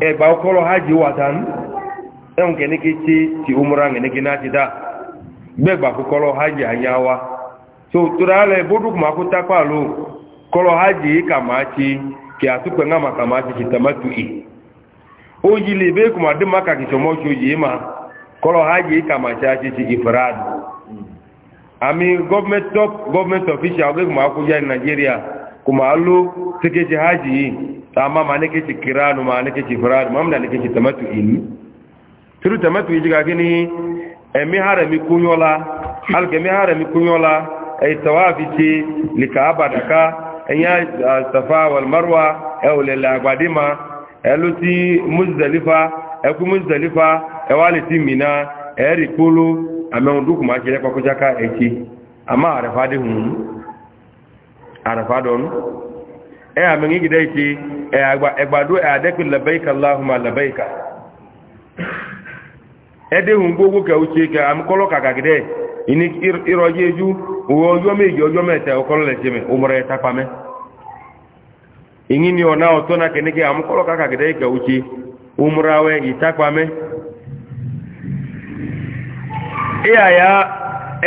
e ba okoro haji watan e nke ni ki ci ti umura nge ni ki na ti da gbe gba wa. koro haji anyawa so turale bodu ma ku takpa lo koro haji ka ma ti. kí a túpẹ̀ ńgá màkà máa ti ṣìtà má tu ì ó yí lè bẹ́ẹ̀ kò máa dé má kàkì sọmọ́ ṣo yìí ma kọ́lọ̀ ha yìí máa ṣe a ṣe àmì gọ́ọ̀mẹ́ntì top gọ́ọ̀mẹ́ntì ọ̀fíṣà ọgbẹ́ kò máa kó yá ní nàìjíríà kò máa ló tẹ́kẹ́ṣe ha yìí tá a má máa nẹ́kẹ́ṣe kìránù máa nẹ́kẹ́ṣe ìfaradì máa múlẹ̀ ẹ̀yà safa wal marwa ẹ̀wọ̀lẹ̀lẹ̀ àgbàdìmá ẹ̀lú tí muzdalifa ẹkú muzdalifa ẹwà lè ti mìíná ẹ̀rì kóló àmẹ́hùn dúkùmá ṣe lẹ́kọ́ kọjáká ẹ̀kí àmá àrẹ̀fádọ́nù ẹ̀ àmẹ́yìn gidẹ́ ìṣe ẹgbàdó ẹ̀adẹ́kù labaika allahumma labaika ẹdẹ́hùn gbogbo kẹ̀ owó ọjọ́ méje ọjọ́ mẹ́ta ọkọ́lọ́ lẹ̀ jẹ́ mẹ́ ọmọ rẹ̀ tápa mẹ́ ìyí ni ọ̀nà ọ̀tọ́ náà kẹ́nẹ́kẹ́ àmúkọ́lọ́ kàkàkẹ́dẹ́ ìkẹ́ òkè ọmọ rẹ̀ ìtápa mẹ́ ìyàyà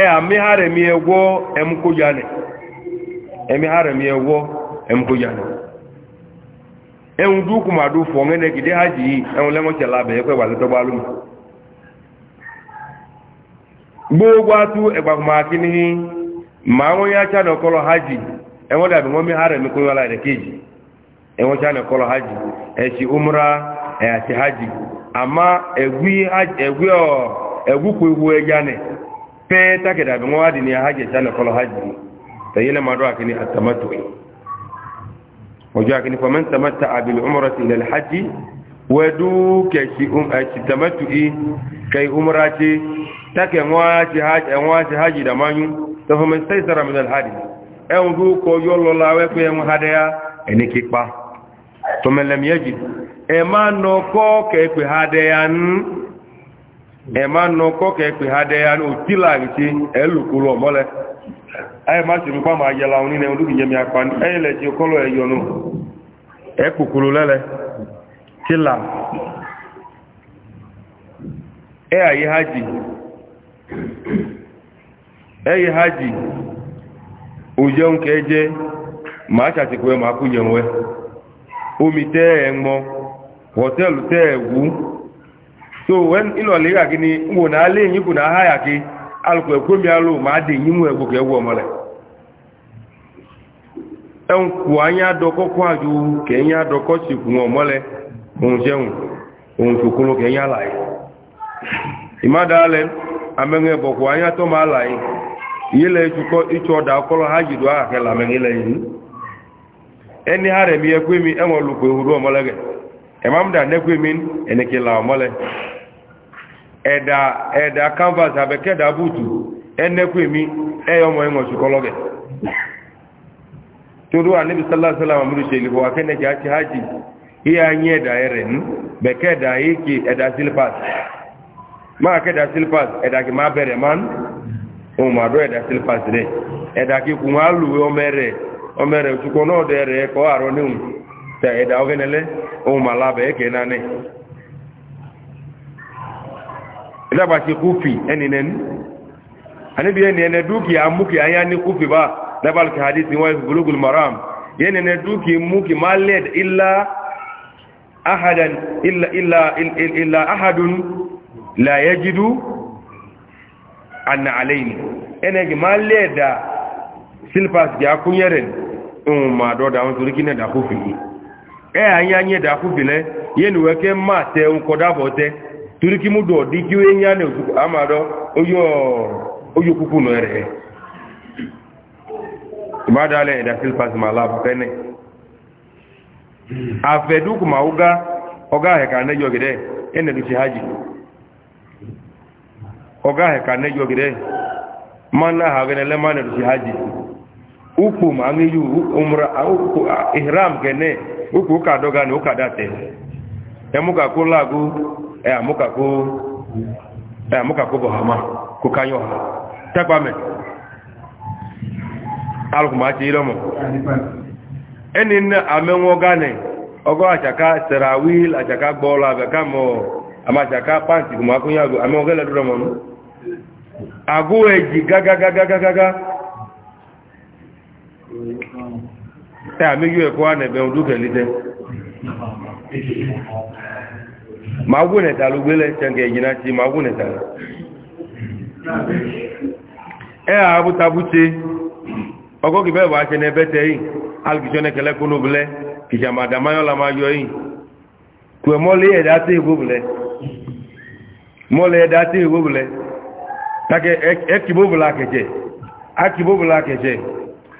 ẹ̀ àmì hàrẹ̀mí ẹwọ́ ẹmukójà nẹ̀ ẹmí hàrẹ̀mí ẹwọ́ ẹmukójà nẹ̀ ẹ̀hùn dúkùmàdú fọ̀ ọ́ngẹ́nẹ́ kìdí hajj yìí ẹ̀hùn lẹ́mọ̀ọ́tsẹ̀ lábẹ̀ ẹ̀kọ́ ìwà lẹ́tọ́gbà lómi gbogbo atu ẹgbàgbọ́n akínní ma ya acha na ọkọlọ ha ji dabi nwomi ha remi kwenye ala keji enwe cha na ọkọlọ ha ji echi umra eyachi ha ji ama egwukwu egwu ejane e pee take dabi nwa dị na ya ha ji echa na ọkọlọ ha ji tayele madu akini akini al hajji um ji ji tọfọmọ sẹ́sẹ̀rọ mi lọ́láàdì ẹ̀hùn tó kọ yọ lọ́la wẹ́pẹ́ ẹ̀hùn hadẹ́yà ẹni kípa tọmẹlẹmìẹ́jì ẹ máa nọ kọ́ kẹ́ẹ̀pẹ̀ hadẹ́yà ní ẹ máa nọ kọ́ kẹ́ẹ̀pẹ̀ hadẹ́yà ní òtí láàrìtí ẹlùkúrú ọ̀mọ́lẹ̀ ẹ má sì nípa máa yẹla òun nínú olúkì yẹmi apani ẹ ilẹ̀ tí kọ́lọ̀ ẹ yọnu ẹ àyíhájì eyi ha ji ujo nke eje ma achachikwe ma akwụnye nwe omi tee mọ, hòtẹ́lù tee ẹ̀wú so wen ilọ̀lẹ́ ìgbà gini wò náà lè yí kù náà háyà alùpùpù ẹ̀kọ́ mi alò máa dè yí mú ẹgbùkẹ́ ẹwú ọmọlẹ̀ ẹn kù ányá dọkọ́ kọ́ àjò kẹ́yìn adọkọ́ sì kù ọmọlẹ̀ òun jẹun òun kẹ́yìn àlàyé ányá tọ́ yílẹ̀ ìtukọ́ ìtsọ̀ ọ̀dà ọkọ́lọ́ hajj do àkàkẹ́ làmẹ́ yílẹ̀ yìí ẹni hàrẹ̀ mi ẹgbẹ́ mi ẹ̀wọ̀n lùkọ̀ ìhùrù ọmọlẹ́gẹ̀ ẹ̀mám dà nẹ́gbẹ́ mi ẹnìkì là ọmọlẹ́ ẹ̀dà ẹ̀dà canvas abẹ́kẹ́dà bùtù ẹnẹ́gbẹ́ mi ẹ̀yọ ọmọ ẹ̀wọ̀n sùkọ́lọ́gẹ̀ todo amuru sheli wa kana ja haji iya nye da yaren beke da silpas ma ka silpas da ki ma ohun àdó ẹ̀dá sílípàsì rẹ̀ ẹ̀dá kíkún wá lùwé ọmẹ́rẹ̀ ọmẹ́rẹ̀ òṣùpọ̀ náà dẹ̀ rẹ̀ kọ́ àrọ́ níhùn tẹ ẹ̀dá ọgẹ́nẹlẹ́ ohun màlábẹ̀ ẹ̀kẹ́ náà ìdábàṣe kúfì ẹni nẹni àníbi ẹni ẹni dúkìá múkì ayá ní kúfì bá lábàlùkì hadith anna alaini ene gi malle da silpas gi akunyeren um ma do da on turiki ne da kufi e anya nye da kufi le yenu weke ma te un koda bote turiki mu do di ki enya ne osu amado oyo oyo kuku no ere ibada le da silpas ma la pene afedu kuma uga oga he ka ne jogide ene du ci haji ọgá ẹ̀ka nẹ́jọ gẹ̀rẹ́ máa a àwọn ẹlẹ́ máa nẹ̀rù ukwu ma ń yíò umra ihram gẹ̀nẹ́ ukwu ka dọ́gá ní ókàdá tẹ̀ ẹmúkàkó láàgó ẹ̀múkàkó bọ̀hámá kó káyọ̀ ha tẹ́pàmẹ̀ alùkùnmá ti yí lọ́mọ̀ ẹni ní ọgọ́ sẹ̀ràwíl gbọ́ọ̀lọ́ àbẹ̀ká pàǹtì àgó ẹ̀jì gágágágágágá ẹ àmìyú ẹ̀kọ́ ànẹ̀bẹ̀ ọdúnkẹ̀ lítẹ́ ma wú nẹ̀ta ló gbélẹ̀ ṣẹ́gẹ̀ ìyìnà tí ma wú nẹ̀ta lọ ẹ àbútabútse ọkọ́ kìbẹ̀ wà ṣe nẹ́bẹ̀tẹ̀ yìí alùpùpù nẹ́kẹ̀lẹ́ kó nóbulẹ̀ kìjàmàdàmáyọ́lá máa yọ yìí kò mọ́lẹ̀ take ekibobula e keje akibobula keje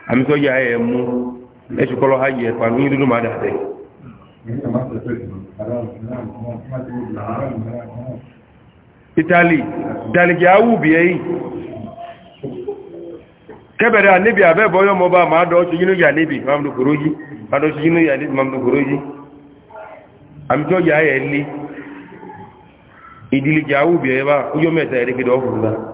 ami so ya emu e su kolo haye pa mi dudu ma da de italy daligi awu bi eyi kebere anibi abe boyo mo ba ma do ti yinu ya nibi mamdu kuruji ma do ti ya nibi mamdu kuruji ami so eli idiligi awu bi eyi uyo meta e ere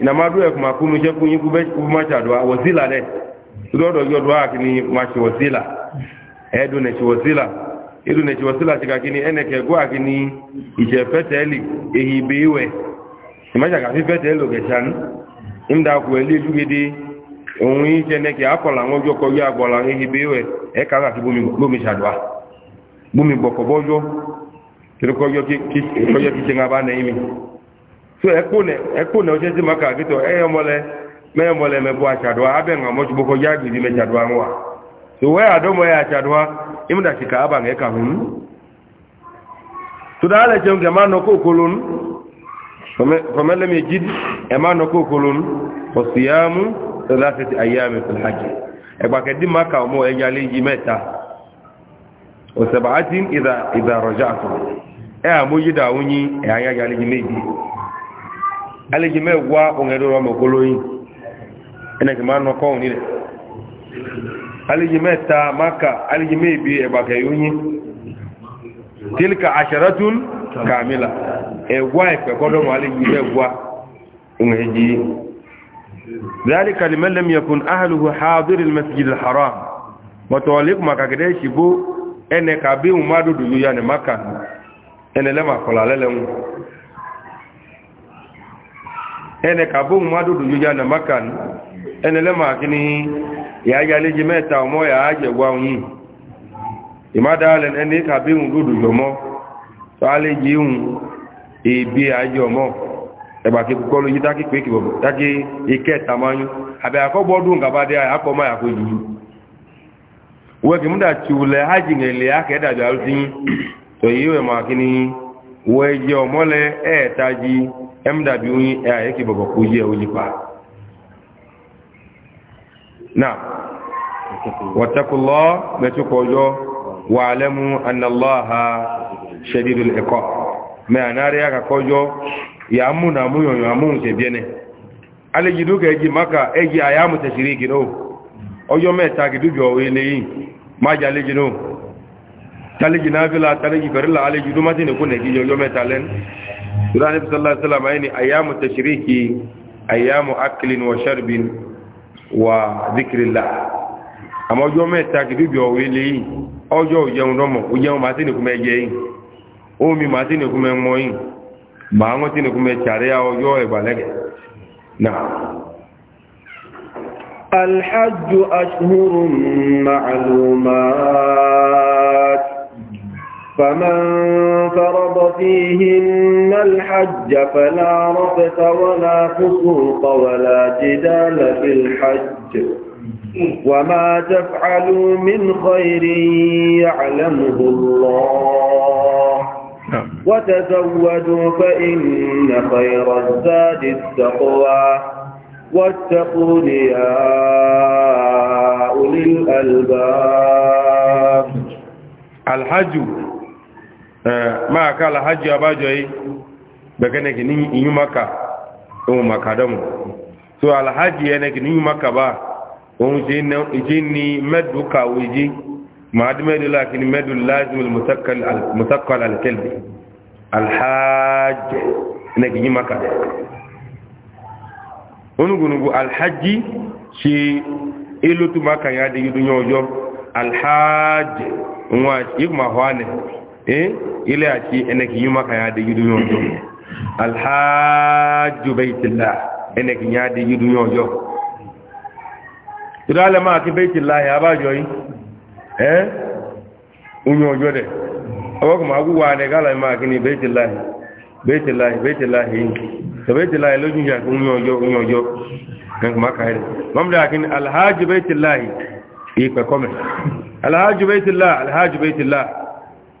ina ma du ekuma kunu je kunyi kube kuma cha dua wasila de do do yo dua kini ma chi wasila edu ne chi wasila edu ne chi wasila chika kini ene ke gwa kini ije peteli ehi biwe imaja ka fi imda ku eli jugidi ohun ije ne ke akola won jo ko ya gbola ehi biwe boko bojo kiri ko imi so ekpone ochezi maka gito eyemole meyemole mebu achadua abe nga mochugboko ya gidi mechadua nwa so wee adomo ya achadua imdachi ka aba nga eka hun tudale chem ke mano kokolun famele mi jid e mano kokolun fasiyamu thalathati ayami fil hajj egba ke di maka omo ejale yi meta o sab'atin idha idha raja'tum e amoyida unyi e anya yale yi meji alẹ́jì mẹ́wàá ọ̀gẹ̀dọ̀rọ̀ mọ̀kólóyìn ẹnẹ̀kì máa nọ kọ́ òní rẹ̀ alẹ́jì mẹ́ta maka alẹ́jì mẹ́bi ẹ̀bàkẹ̀ yóyin tílkà àṣẹ̀rẹ́tún kàmílà ẹ̀wà ìpẹ̀kọ́dọ̀mọ̀ alẹ́jì mẹ́wàá ọ̀gẹ̀jì ذلك لمن لم يكن أهله حاضر المسجد الحرام متوليك ما كده شبو أبي وما دو دنيا مكان أنا لما قلال لهم ene ka bo ma dudu na makan ene le ma kini ya ya leji meta o mo ya aje gwa yin imada le ene ka bi un dudu yo mo so ale ji un e bi aje o mo e ba ki ko lo yita ki pe ki bo ta ki ike ta manyu abi akobo du nga ba de akọ ma ya ko ju we ki muda chule haji ngele emda bi onye ya yake baba ko je oji pa na wattaqullah me ko jo wa alamu anna allaha shadidul iqab me anare ya ko jo ya mu na mu yoyo amu se biene ale jidu ke ji maka eji ayamu tashiriki no ojo meta gidu jo we leyin ma ja le jinu tale jinafila tale jibril ale jidu matine ko ne ki jo meta len sura nabi sallallahu alaihi wasallam ayni ayamu tashriki ayamu aklin wa sharbin wa dhikrillah ama ojo meta kidu bi owele yi ojo ojeun domo ojeun ma tini kuma eje yi omi ma tini kuma mo yi ma ngo tini kuma chare ya ojo egbalege na الحج أشهر معلومات فمن فرض فيهن الحج فلا رفث ولا فسوق ولا جدال في الحج وما تفعلوا من خير يعلمه الله وتزودوا فإن خير الزاد التقوى واتقون يا أولي الألباب الحج Eh, máa ká alhaji abájọ yìí gbẹ̀gẹ́nẹ̀kì ní ìyún maka ohun makadamu so alhaji ẹnẹ̀kì ní ìyún maka bá ohun ìjí ní mẹ́dù kàwé jí maadu mẹ́dù láti ní mẹ́dù láti musakkal alkelbi alhaji ẹnẹ̀kì ní maka onugunugu alhaji ṣe ilutu maka yá di yọjọ alhaji wọn yíkùmá hwá nẹ̀ eh ile aki ene ki yuma ka yidu yudu yojo al hajju baitillah ene ki yade yudu yojo ma ki baitillah ya ba eh unyo yojo de awako ma gu wa gala ma ki ni lo ya unyo ma al al al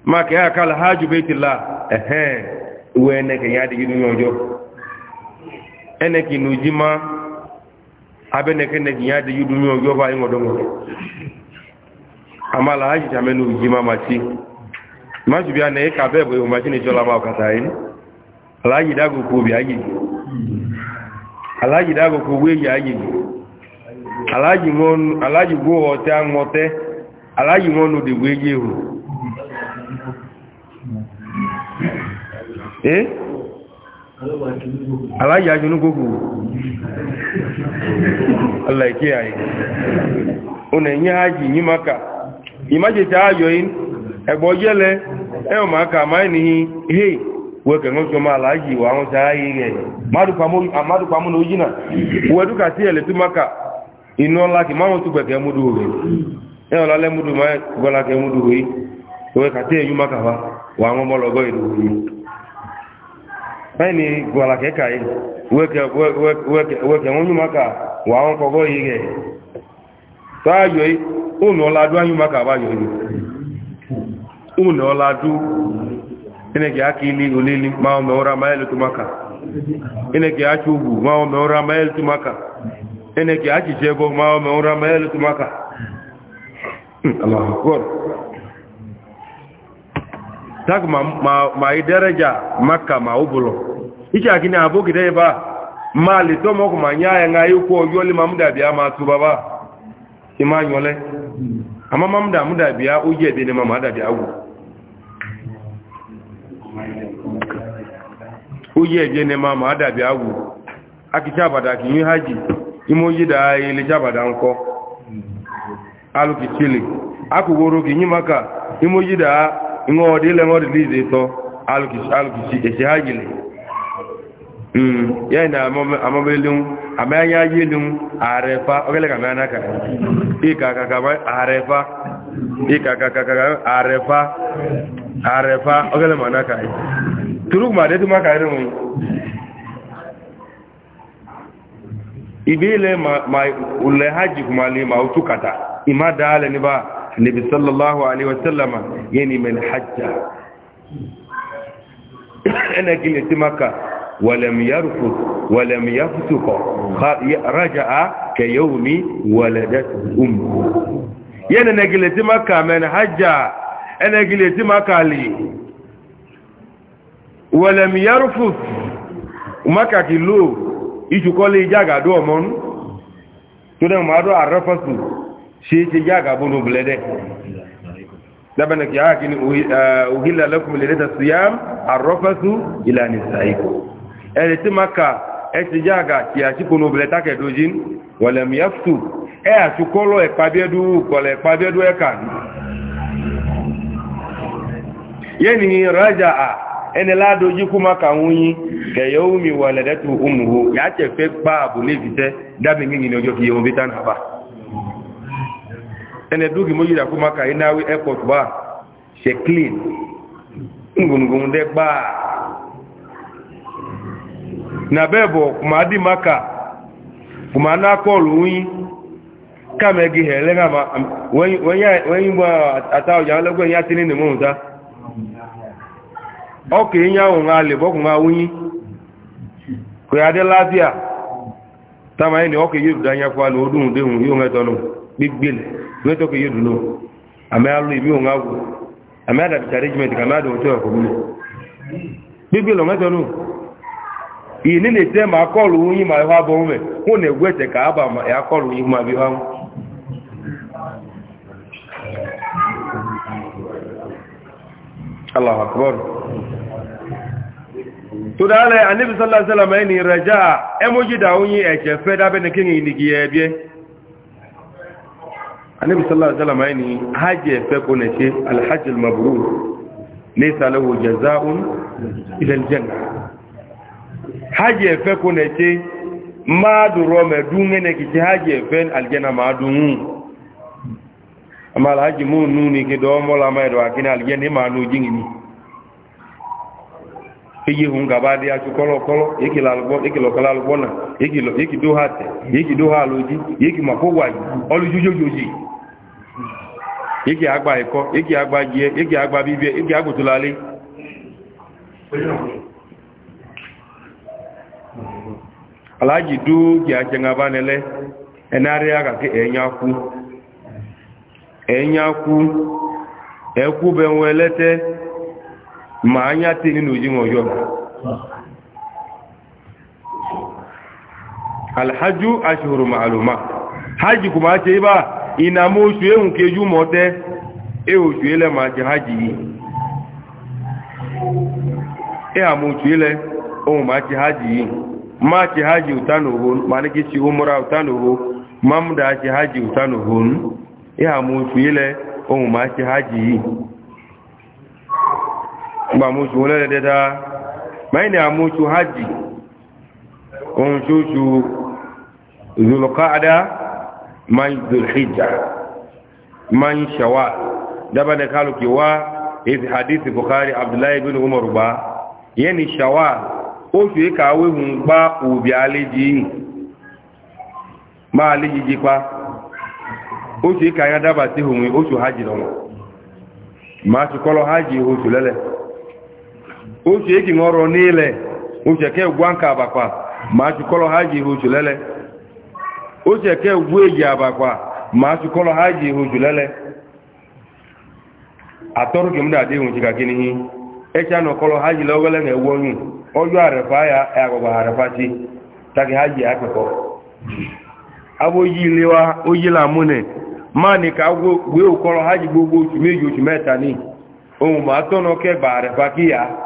maka ya kala ha baitilla ehe we ne ke ya digi nyo jo eneke ki nujima abe ne ke ya ba amala hajj jamenu ma machi ka be machi ma kata dago bi aji alaji dago ko we ya ala alaji ngon alaji go hote ngote alaji ngonu de ehu. eh aláyé ajínú gbogbo allah ike Ọ ọ̀nà ẹ̀yìn ajì yí maka ìmájèta ayọ̀ yí ẹgbọ́ yẹ́lẹ̀ ẹ̀wọ̀n maka máa nìyí hey wẹ́kẹ̀ ń sọ máa láàájì wà àwọn sáàyè rẹ̀ mádùpamọ́ ní ojínà wẹ́dúkà sí ẹ̀lẹ̀ tó maka iná láti máwọn tó gbẹ̀kẹ́ múdù rẹ̀ lálẹ́ múdù máa múdù rẹ̀ wẹ́kà sí maka wà lọ́gọ́ ẹni gbọ́la kẹ́kà yìí wẹ́kẹ̀ wọ́n yúmọ́ka wà wọ́n kọ́gọ́ yìí rẹ̀ tó ayọ̀ yìí òun ọ̀làdú ayúmọ́ka bá akílí olílí máa mẹ́ọ́ra máẹ́lì maka máa mẹ́ọ́ra máẹ́lì maka maka tak ma ma daraja maka ma ubulo iki akini aboki dai ba mali to mo ko manya ya ngai yoli mamda biya ma tuba ba ima yole mamda muda biya uje bi ne mama da biya uje bi ne mama da biya ugu akita bada ki haji imo yi da ile jabada nko alu ki chili akugoro ki nyimaka imo yi da ìwọ̀n ọdí ilẹ̀ wọ́n rìlí ìzètọ́ alùkìsí ẹ̀ṣẹ́ hajjìlì yẹ́ ni àmọ́bẹ̀lẹ́un àmẹ́yà yílùn ààrẹ̀fà ọgẹ́lẹ́gà mẹ́rin náà kàrẹ̀ ìkàkàkà ààrẹ̀fà ìkàkàkà ààrẹ̀fà ààrẹ̀fà ọgẹ́lẹ́ mẹ́rin náà kàrẹ̀ turukuma dé tó má kàrẹ̀ wọn ìbí ilẹ̀ ma ulẹ̀ hajjì kùmà lè ma ó túkàtà ìmá dáálẹ̀ níbàá nabi sallallahu alaihi wasallama yani man hajja ana kile timaka walam yarfut walam yaftuq raja'a ka yawmi waladat ummu yana nagile timaka man hajja ana gile timaka li walam yarfut maka kilo ijukole ijagado omon to den ma do arafasu ṣeéṣe yá àgàbónú bìlẹ́dẹ́ lábẹ́nà kí á kí ni òhìlà lẹ́kùnmí lè lẹ́ta síyám àrọ́fẹ́sù ìlànà ìsàíkò ẹ̀rẹ̀ tí máa ka ẹ ṣe yá àgà kí àṣíkònú bìlẹ́ tákẹ̀dójín wọ̀lẹ̀mìyàfù ẹ àṣùkọ́lọ̀ ẹ̀pàbíẹ́dú kọ̀lẹ̀ ẹ̀pàbíẹ́dú ẹ̀kà yẹ́nì rájà à ẹni ládojú kú máa ka wọ́n yín kẹ̀yọ́ omi wọ̀lẹ̀dẹ́tù òmùhù yàá tẹ̀ fẹ́ gbá ene dugi mo yira kuma ka inawi airport ba she clean ngungun de ba na bebo kuma di maka kuma na kọlu yin kame gi hele nga ma wenyin gba ata oja ologbo ya tini ni mo nta ọkà enyi ahụ nwa alịbọkwụ nwa wunyi kò ya dị lafiya tamani ọkà yi rudanya kwa na odun dehun yi onwe tọnụ gbigbele gbẹtọ kò yé dunu àmì alu ibi òun awu àmì adàbí arrangement kàmì adàbí tó ẹkọ mi gbigbele ọ̀n ẹtọ nù yìí nílé tẹ màá kọlù yín màá wá bọ̀ ọ́n mẹ wọn nà ẹgbẹ́ tẹ kàá bà mà ẹ̀ akọlù yín bí wọn. Allahu akbar. To da ala Annabi sallallahu annabi sallallahu alaihi wasallam yani haji fe ko ne ce alhajj almabrur laysa lahu jazaa'un ila aljanna haji fe ko ne ce ma duro me dunge ne ki haji fe aljanna ma dun amma alhaji mu nuni ki do mo mai do akina aljanna ma nu jingini iji hụ ngaba dị achụ ekele kọlọ ikilọkọla alụgbọna ikido ha atị ikido ha alụji iki maka ụgwaji ọlụjujojoji eke agba ịkọ eke agba jie eke agba bibie iki agụtụlali alaji duu ji ache ngaba nele enarị aka ka enyakwu enyakwu ekwube nwelete ma anya tinye n'oji ọjọ alhaju ashuru ma'aluma haji kuma ce ba ina mu osu ehun keju mote e osu ele ma ji haji yi e a mu osu ele ohun ma ji haji yi ma ji haji utanoho ma niki si umura utanoho ma mu da ji haji utanoho e a mu osu ele ohun ma ji haji yi gba mọ́ṣù wọn lẹ́rẹ̀ dẹ́dá báyìí ni a mọ́ṣù hajji ohun ṣoṣù zulqa'ada man zulhijja man shawa daba da kaluki wa isi hadisi bukari abdullahi bin umar ba yẹni shawa oṣù yìí kàwé hun gbá òbí àlejì máa àlejì jípa oṣù yìí kàyà dábà sí hun oṣù hajji lọ́wọ́ máa ṣùkọ́lọ hajji oṣù lẹ́lẹ̀ oche eji ṅụrụ n'ile oche ke gwu nka abakwa ma chụkọrọ ha ji ihu chulele gwu eji abakwa ma chụkọrọ ha ji ihu chulele atọrụ gị m da adịghị nwechi gị n'ihi echa na ọkọrọ ha ogele na ewu arịfa ya e agwagwa taki ha ji akụkọ abụ oyi lewa ka gwe ụkọrọ ha ji gbogbo otu meji otu meta tani ohun ma atọ na ọkẹ arịfa kí ya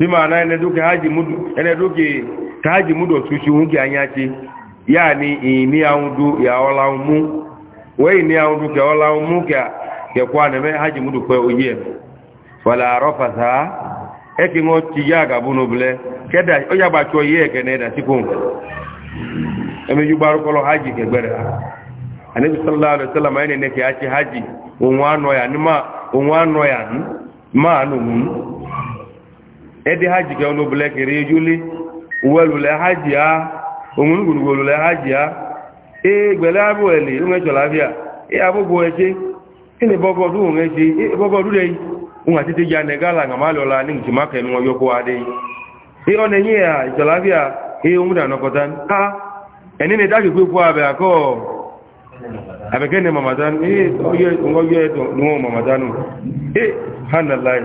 bí máa ná ẹni dókè káàjì múdọ̀ túnṣe oúnjẹ anyáṣe yáà ni ìní ahundu ìyàwọ́lá mú wọ́n ìní ahundu kẹwọ́lá mú kẹkọ́ ànẹ́mẹ́ hájì múdọ̀ pẹ́ oyé ẹ̀ fọ́lá rọ́fàṣá ẹ́kì wọ́n ti yá àgàbónú bilẹ̀ kẹ́dà ó yàgbà tí ó yé ẹ̀kẹ́ ní ẹ̀dà sí fún ẹmẹ́jú gbárùkọ́lọ́ hájì kẹgbẹ̀rẹ̀ àníbi sallallahu alaihi wasallam ẹni ní kẹ́ hájì ede hajji ka ono bule kere ejuli uwelule hajji a omunugun uwelule hajji a e gbele abu eli unwe cholafia e abugo eche ile bogodu unwe eche e bogodu dei unwa tete ja negala nga mali ola ni ntima ka enwo yoko ade e ona nyi ya e umuda nokotan a eni ne dagi kwefu abe ako abekene mamadan e oye ngoye to nuwo mamadanu e hanallahi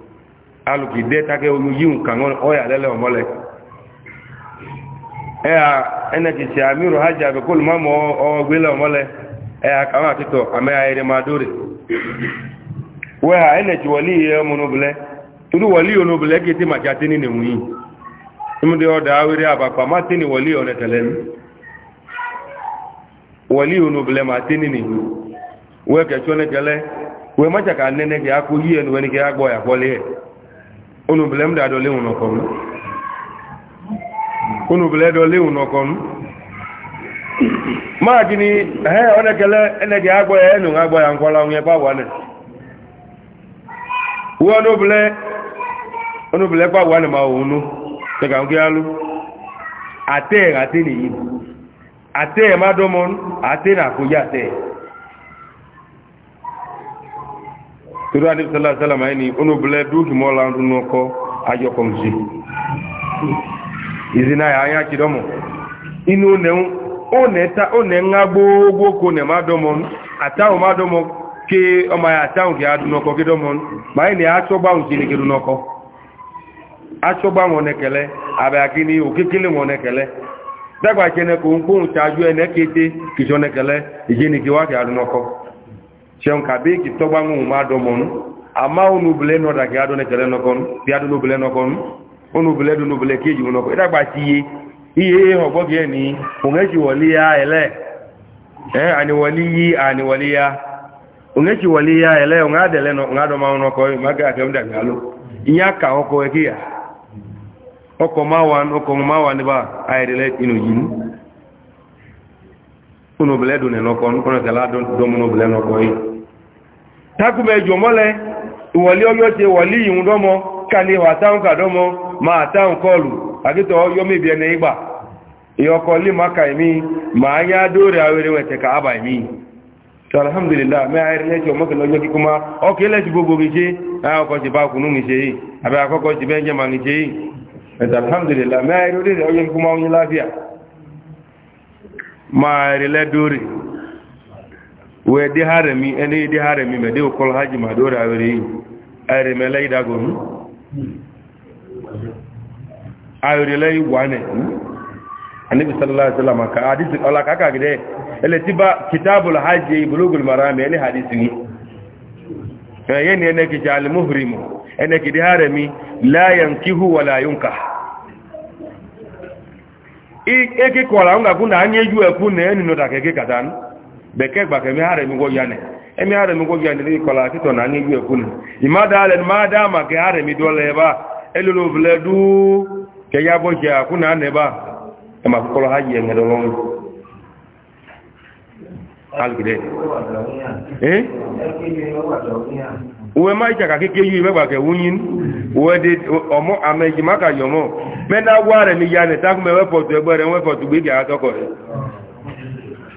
alùpùpù dẹ́ takẹ́ omi yíwù kàn ọ́yà lẹ́lẹ́ ọmọlẹ́ ẹ̀yà ẹnẹ́tìtì àmìrò hajj àbẹ̀kọ́lù mọ́mọ́ ọgbẹ́lẹ̀ ọmọlẹ́ ẹ̀yà kàwọn àtìtọ̀ àmẹ́yà ẹ̀rẹ́ máa dóre wẹ́hà ẹnẹ́tì wọlé yẹ ọmọ nobilẹ́ torí wọlé yọ nobilẹ́ kété màjá tẹ́ni nìwú yìí ìmúdé ọ̀dà awẹ́rẹ́ àbàpà má tẹ́ni wọlé ọ̀nà tẹ̀lẹ́ mi wọlé yọ nobilẹ́ má tẹ́ni nìwú wẹ́ kẹ̀tsọ́ nẹ́kẹ́lẹ́ wẹ́ mọ́tsàkà nẹ́nẹ́kẹ́ akó yí ẹnu ẹnikẹ́ agbọ́ yà fọ́lé onubule m dado lewu nọkọnu onubule do lewu maa gini he onekele enegi agbọ ya enu ya nkwala onye gbawane uwe onubule onubule gbawane ma onu tega nke alu ate ate n'iyi ate ma ate na ate a a sọlá sálàmà ẹni onóbulẹ̀ dúkì mọ́lá ń dúnú ọkọ ajọkọ̀ mùsí ìzìnà àyà ti dọ́mọ̀ inú ọ̀nà ńlá gbogbo kò nẹ̀ má dọ́mọ̀ ma má dọ́mọ̀ ké ọmọ ayà àtàwọn kì á dúnú ọkọ kí dọ́mọ̀ báyìí ni aṣọ́gbàhùn sí ni kí dúnú ọkọ aṣọ́gbàhùn ọ̀nẹ̀kẹ̀lẹ́ àbẹ̀ àkíní òkèkélé tiɛn ka bee ki ma dɔ mɔnu ama wo nu bile nɔ dake ado ne kɛlɛ nɔ kɔnu bi ado nu bile nɔ kɔnu wo nu bile do nu bile keji nɔ kɔnu edagba ti ye iye hɔ gbɔ kiyɛ ni ŋun si wɔli ya ɛlɛ ɛ ani wɔli yi ani wɔli ya ŋun si wɔli ya ɛlɛ ŋun adɛ lɛ nɔ ŋun adɔ ma nɔ kɔ ma kɛ akɛm dake alo iya ka ɔkɔ yɛ keya ɔkɔ ma wa ɔkɔ ma wa ne ba ayi lɛ inu yi nu wo do ne nɔ kɔnu kɔnɔ kɛlɛ adɔ dɔmu nu nɔ kɔ yi takume jomole wali oyo te wali yundomo kale wataun kadomo ma taun kolu agito oyo mi biene igba iyoko li maka imi ma anya dore awere wete ka aba imi to alhamdulillah me ayre ne jomo ke lojo kuma o ke le ti gogo gije a ko ti ba kunu mi se abi akoko ti benje ma ni se alhamdulillah me ayre ore oyo kuma onye lafia ma ayre le dore we dị haremi ene dị haremi me dị ukol haji ma do ra were yi are me lei dago nu ayore lei wane anabi sallallahu alaihi wasallam ka hadisi ala ka ka gide ele tiba kitabul haji bulugul maram ele hadisi ni e, ye ne ne ki jal muhrimu ene ki di haremi la yankihu wala yunkah ike e kwara nga kuna anyeju e bekee gba ka emegharị emegwo ya ne emegharị emegwo ya ne kọla akịtọ na anya igwe ekwunu imada alen mada ma ka harị midola ebe a elulu obele duu ka ya bọchi akwụ na ana ebe a ma akwụkọrọ ha ji enyere ọnwụ algide eh uwe ma ka keke yu ibe gba wunyi uwe dị ọmụ maka yọmụ mena m ya ne takụ m ewepọtụ egbere gbe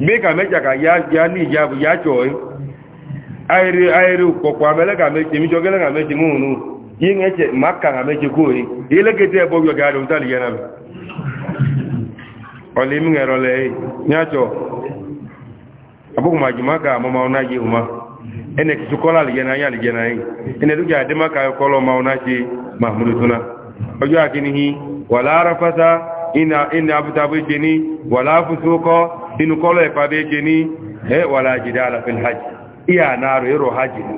meka ka ya ni ijabu ya choi airi airi ukpokpo amele ka meche mi chogele ka meche ngunu yin eche maka ka meche koi ile kete ebo yo ga do tali yana be oli mi ngero le nyacho abuku majuma ka mama onaji uma ene kisukola yana ya yana yi ene de maka kolo ma onaji mahmudu tuna ojo akini hi wala rafata ina ina abutabu jini wala fusuko inu kọlọ ẹ̀fà e bí ẹjẹ ní ẹwàlá jìdá alàfin hajj iya náà rẹ̀ rọ hajj ní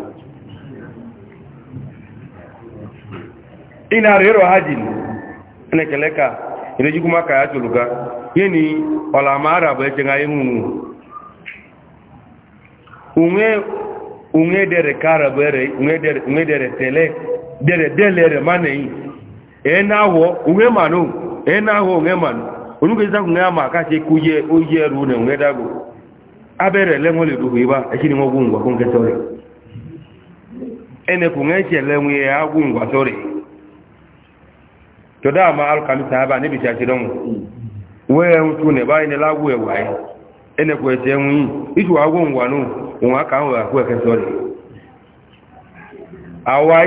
ina rẹ̀ rọ hajj ní ẹnẹkẹlẹ́ka ìrẹjú kàyà tòlùgá yé ni ọ̀là máa rà bọ̀ ẹjẹ onu ga ma ama akacha eke oyi eru na enwe dago abere ele nwele ruhu iba echiri nwe ọgwụ ngwa kwụ nke sori enekwu nwe echi ele nwe ya agwụ ngwa sori tọda ama alụkamisa aba na ebicha chiri ọnwụ wee nwụchu na ebe anyị nela agwụ ewe anyị enekwu echi enwe iyi agwụ ngwa nụ nwa aka ahụ eke awa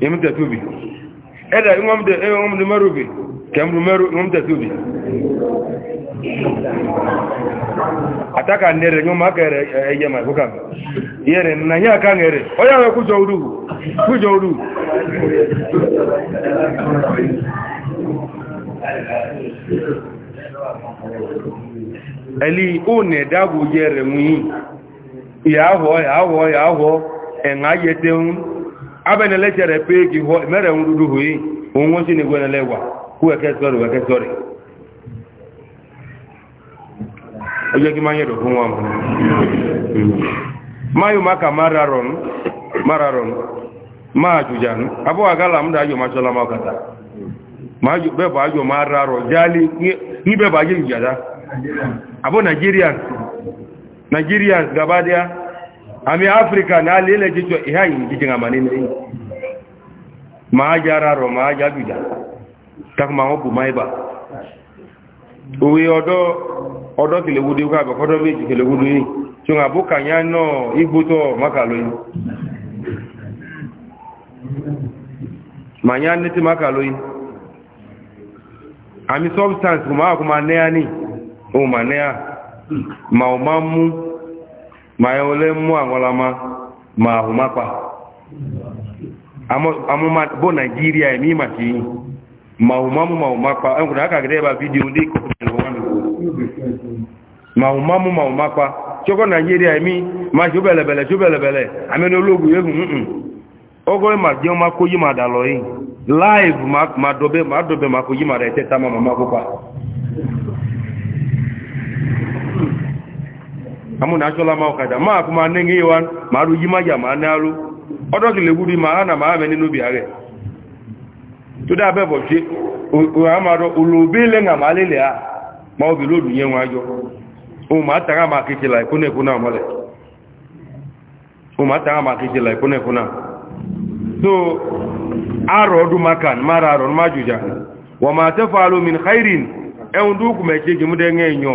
im tatubi eda ngom de ngom de marubi ataka nere ngom akere ejema eh, eh, kukam yere na ya kangere oya we kujo udu kujo udu eli une dagu yere mwi ya ahụ ya ho ya Abe abene lechere pe gi ho mere nrudu hui onwo si ni gwele lewa ku eke sori weke sori oje ki manye do fun wa mo hmm. mayu maka mararon mararon ma jujan abo agala mda yo ma chola ma kata ma ju be ba yo mararo jali ni be ba je jada abo nigerian nigerians gabadia ami afrika na lele jicho ihai jijinga manene hii maajara ro maaja juja takuma obu maiba uwi odo odo kile wudu ka ba kodo meji kile wudu yi chunga buka nyano igbuto makalo yi manyani ti makalo yi ami substance kuma kuma neani o manea maumamu ma ya ole mmụọ anwụlama ma ahụmakwa amụma bụ naijiria eme ịmaka iyi ma ahụmamụ ma ahụmakwa enwere aka gịrị ebe vidiyo ndị ma ahụmamụ ma ahụmakwa chọkọ naijiria mi ma jobelebele jobelebele amena ologwu egwu nkụ ogo ma dị ọma koyi ma dalọyi laivu ma dobe ma dobe ma koyi ma reteta ma mama mamakwụkwa amụ na achọla m ọkada ma akụ ma na-enye iwa ma arụ yi maja ma na arụ ọdọgịla egwuri ma ha na ma ha mere n'obi agha tụdị abịa ụbọchị ụha marọ ụlọ obi ile na ma alịlị ha ma obi lodu nye nwa ajọ ụmụ atagha ma akịchịla ekwuna ekwuna amale ụmụ atagha ma akịchịla ekwuna na so arọ ọdụ maka mara arọ ma jụja wa ma tefa alụ min khairin ẹ̀hùn dúkù mẹ́ṣe jùmúdẹ́ ẹ̀yàn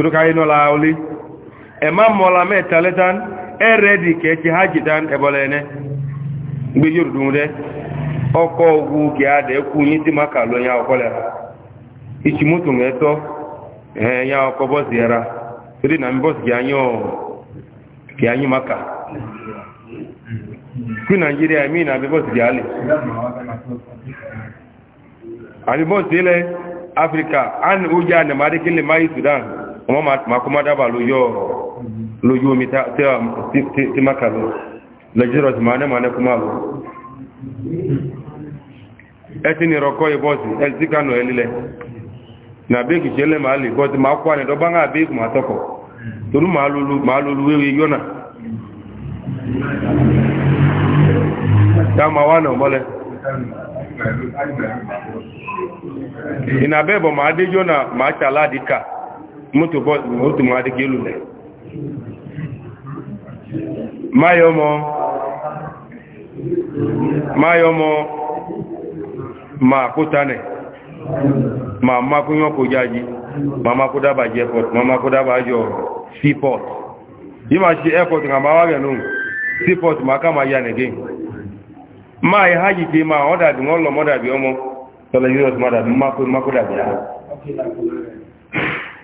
turu ka ino la oli e ma mola me taletan e ready ke ti haji tan e bolene gbe yurdun de oko ogu ki ade ku maka lo ya okole ichi mutu ngeto eh ya oko bo ziara tiri na mi bo ki anyo ki maka ku nigeria mi na bi bo ti ale abi bo ti le africa an uja na sudan ọmọ makọmọ dábà lójú omi tí maka lọ lẹ́jírọ̀ tí ma ní ma ní kúmà lọ ẹtí ni rọ̀kọ́ ìbọ́sì ẹtí kánù ẹlílẹ̀ na bẹ́ẹ̀kì ṣe lẹ́ máa lè bọ́sì máa kọ́ ànìdọ́ bá ń àbẹ́ẹ̀kù máa tọ́kọ̀ torú máa lólu wéwé yọ́nà dáma wà náà dé yọ́nà máa ṣàládìí ká mutu mutu mwadi gelule mayomo mayomo ma kutane ma ma kunyo kujaji ma ma kudaba airport ma ma kudaba ajo seaport ima si airport nga ma wage nungu seaport ma kama yane gen ma ya haji ti ma oda di ngolo moda bi omo tole yuros moda ma kudaba ya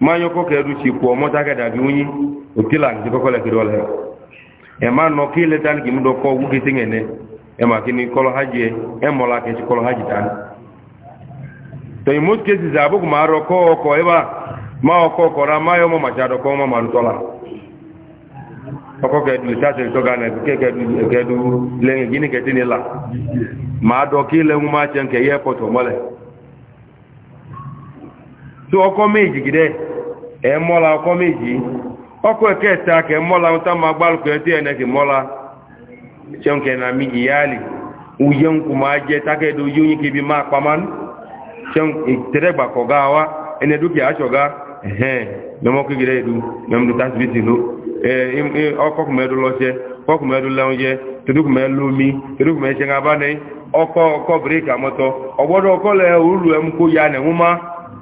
maño ko kedu ci ko mota ga da biuni o tilang ji ko kole ki dole e ma no ki le tan ki mu do ko bu ki tingene e ma kini kolo haji e mo la ke ci kolo haji tan to imus ke ji zabu ma ro ko ko e ba ma o ko ko ra ma yo mo ma ja do ko ma ma ru tola o ko kedu sa se to ga ne ke kedu kedu le ngi ni ke tinela ma do ki le mu ma chen ke ye po to mo le do ọkọ méjì gidẹ ẹ mọ́la ọkọ méjì ọkọ ẹ̀kẹta kẹ mọ́la ta ma gbálùkù ẹ̀ tí ẹ̀ nẹ́kì mọ́la ṣẹ́nkẹ̀ na mi ìyáàlì uye ń kù máa jẹ tákẹ́dọ̀ yóò yín kébí máa pamán tẹ́rẹ́gbà kọ̀gá wa ẹni dúkìá aṣọ̀gá ẹ̀hẹ́n mẹ́mọ́ kékeré mẹ́mọ́ ló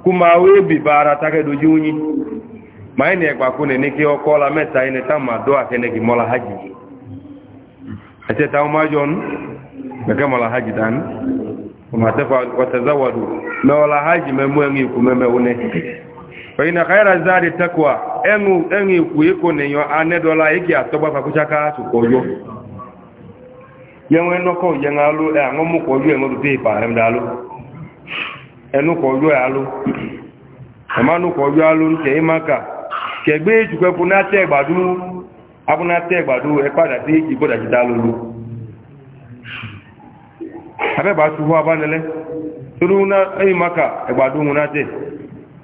kuma webi bara take do junyi maine kwa kune niki okola meta ine tama doa kene ki mola haji ate taw majon beke mola haji dan kuma tafa watazawadu mola haji memwengi kumeme une fa ina khaira zadi takwa engu engi kuiko ne yo ane dola iki atoba fa kuchaka sukoyo yenwe noko yengalu e ngomu koyo ngodu pe pa emdalu ẹnukọ̀ ọjọ́ alú ẹmánukọ̀ ọjọ́ alú ń tẹ̀ ìmáka kẹgbé ìjùkọ́ ẹkùnátẹ́ ẹgbàdú abúnátẹ́ ẹgbàdú ẹpàdà sí ìgbọ́dà jìdá abẹ́bà ṣubú abánilẹ́ torí ìmáka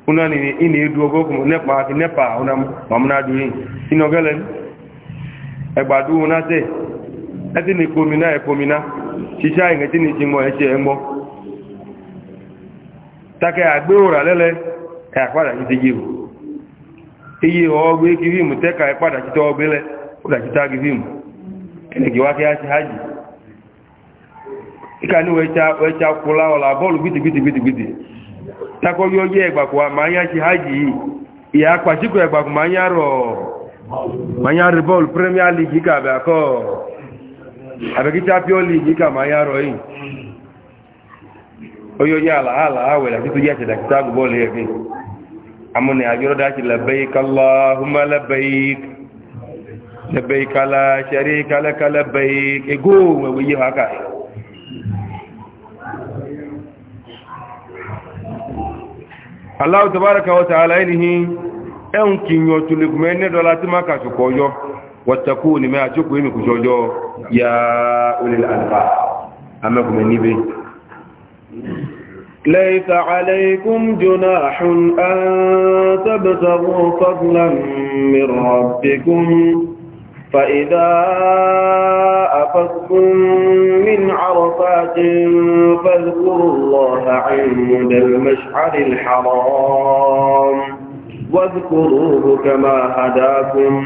una ni edu nepa ẹtí ni komina ẹkomina ṣiṣẹ́ ni ẹgbọ́n take agbero ra lele e ka pada ti teje o iye o gbe ki bimu te ka pada e ti to gbele o da ti ta ki bimu ene ki wa ki haji ikani we kula ola bolu biti biti biti biti tako yo je egba ko ma ya shi haji ya pa shi ko egba ko ma ya ro ma ya ro oyoyi ala ala awel ati tu yace da kitabu ya yake amune ajiro da ci labbaik allahumma labbaik labbaik la sharika lak labbaik ego weyi haka Allah tabaraka wa ta'ala inihi en kinyo tulikumene dola ti maka sukoyo watakuni ma atuku imi kujojo ya ulil amegume nibe. ليس عليكم جناح أن تبتغوا فضلا من ربكم فإذا أفضتم من عرفات فاذكروا الله عند المشعر الحرام واذكروه كما هداكم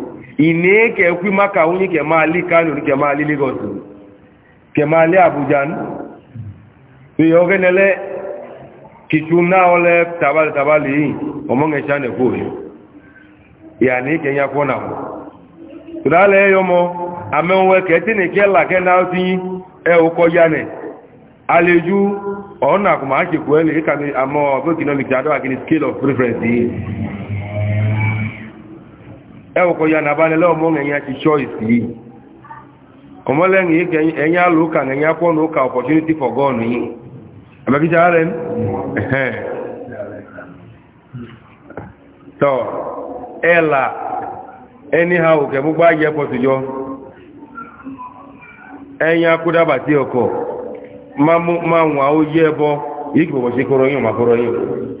ine ke kwi maka onye kemali kano kemali lagos kemali abuja ihe oge nele kichu na ole tabali tabali yi omonge chane ya ni ke nya kwona mo tudale yo mo amenwe ke na oti e uko a aleju scale of preference ẹwùkọ ya na abalẹ̀ ọmọ ẹ̀yà ti choice yìí ọmọlẹ́yìn yìí ẹ̀yà lóòkà na ẹ̀yà pọ́nà òkà opportunity for god yìí àbẹ̀bíjá rẹ̀ ẹ̀hẹ́n tọ́ ẹ̀là anyhow kẹ̀múgbá yẹ pọ̀tùjọ ẹ̀yà kúdàbà tí ọkọ̀ máa wọ́n ó yẹ ẹbọ yìí kìbọ̀bọ̀ sí kọ́rọ̀ yìí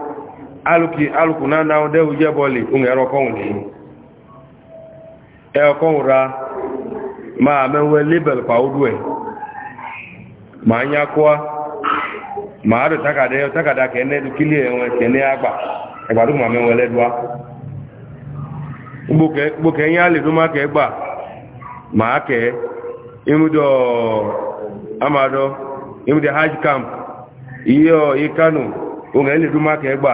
alùkì alùkù náà náà dẹ́wù jẹ́ bọ́ọ̀lì ohun ẹ̀rọ kọ́hùn ní ẹ̀rọ kọ́hùn ra máa mẹ́wẹ́ lébẹ̀l pàódù ẹ̀ máa ń yá ma máa rẹ̀ tákàdá kẹ́ẹ̀ẹ́ dùkílẹ̀ ẹ̀wọ̀n kẹ́ẹ̀ẹ́ àgbà ẹgbàdùn máa mẹ́wẹ́ lẹ́dùá hajj camp ohun gbà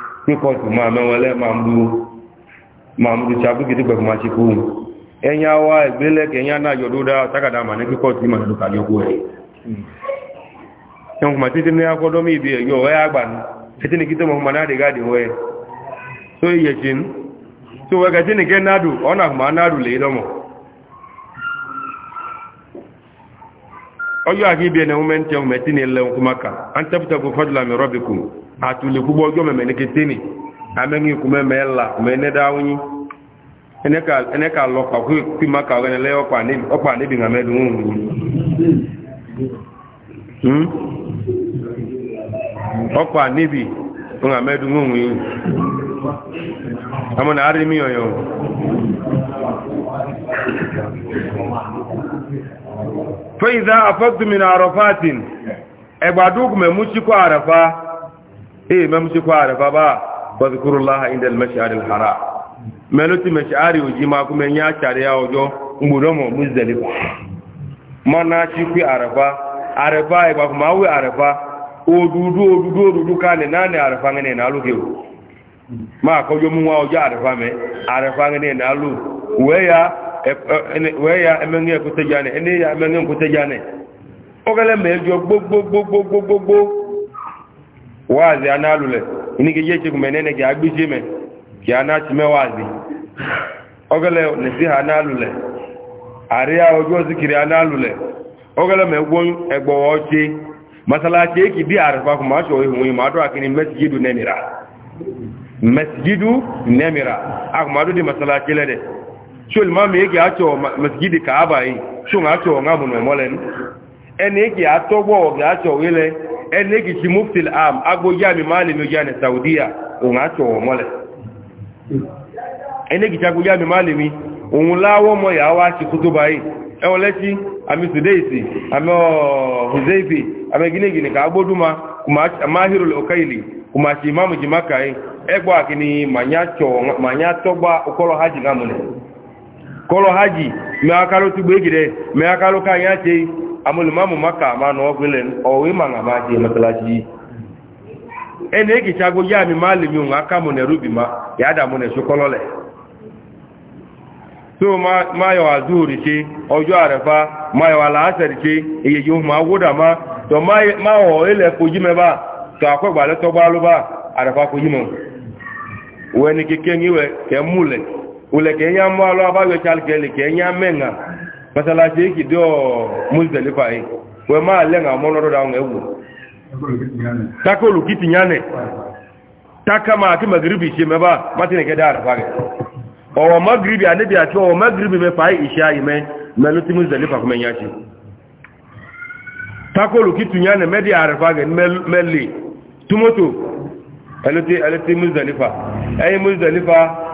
kíkọ̀tù máa mẹ́wọlẹ́ máa mú ṣàbúkìtì pẹ̀kù máa ṣe kú ẹ̀yà wá ìgbélẹ̀kẹ̀ ẹ̀yà náà yọ̀dó dáa tágàdá mà ní kíkọ̀tù ìmọ̀ ìlú kàlíọ́kú ẹ̀ ẹ̀hùn mà títí ní akọ́dọ́mí ibi ẹ̀yọ́ ẹ̀ àgbà ní títí ní kíkọ́ mọ̀ náà dégádé wẹ́ tó yẹ̀ ṣe ní ọjọ́ àti ibi ẹ̀nà ọmọ ẹ̀ntẹ̀ ọmọ ẹ̀tí ni ilẹ̀ ọkùnmaka an tẹ́pútẹ́ kò fọ́júlá mi rọ́bìkù àtúlẹ̀kúgbọ́ ọjọ́ mẹ́mẹ́ ní kété ni amẹ́rin ikú mẹ́mẹ́ ẹ̀là mẹ́ẹ̀nẹ́dáwọ́nyí ẹnẹ́ka lọ́pàá maka faiza afaktu min arafatin ẹgbàdúkù mẹ́múchíkọ́ àràfá eh mẹ́múchíkọ́ àràfá bá fọ́síkúrúláha inda al-mash'ar al-hara mẹ́lútí mash'ari òjí ma kú mẹ́yìn àṣàrí ọjọ́ ngbùdọ́mọ̀ muzdalifa ma náà ṣíkú àràfá àràfá ìgbàkùnmáwé àràfá wee ya emenye ekwute gị anị ene ya emenye ekwute gị anị ogele ma ejo gbogbogbogbogbogbo waazi a na-alụle ini a na-achime waazi ogele ha na-alụle a na-alụle ogele ma egbo egbowa oche achọ ma nemira sho limamu yake acho masjidi kaaba yi sho ngacho ngamu no molen en yake atogbo gacho wile en yake shi muftil am agbo ya mi mali mi jana saudia ngacho mole en yake agbo ya mi mali mi ohun lawo mo ya wa ti kutuba yi e o leti ami sudeisi ami huzaifi ami ginegine ka agboduma kuma mahirul okaili kuma shi imamu jimaka yi egbo akini manya togba okolo haji ngamu ne kọlọ hajji mẹ akalo tugbe gidẹ mẹ akalo ka ya ce amulumamu maka ma na ọgbẹlẹ ọwọ ma na ma ji ce masalaci ẹni eki ekechago ya mi ma lemi ohun aka mu na rubi ma ya da mu na ṣe kọlọlẹ so ma yọ azuri ọjọọ ọjọ arẹfa ma yọ alaasari ṣe eyeyi ohun ma wúdà ma tọ ma wọ ilẹ̀ kojú mẹba tọ akọgbàlẹ́tọ́gbà ló bá arẹfa kojú mọ wẹni kékeré kẹ múlẹ̀ ule ka enye mụ alụ agbaghị oche alkeli ka enye mme nga masalachi iki dị muzelifa yi wee ma ale nga mụnụ rụrụ ahụ egwu taka olukiti nyane taka ma aki magribi ishe mebe a mati na kede arafa gị ọwọ magribi bi achị ọwọ magribi mefa ishe anyị mee meluti muzelifa me enye achị taka olukiti nyane medi arafa gị meli tumoto eluti e muzelifa enyi muzelifa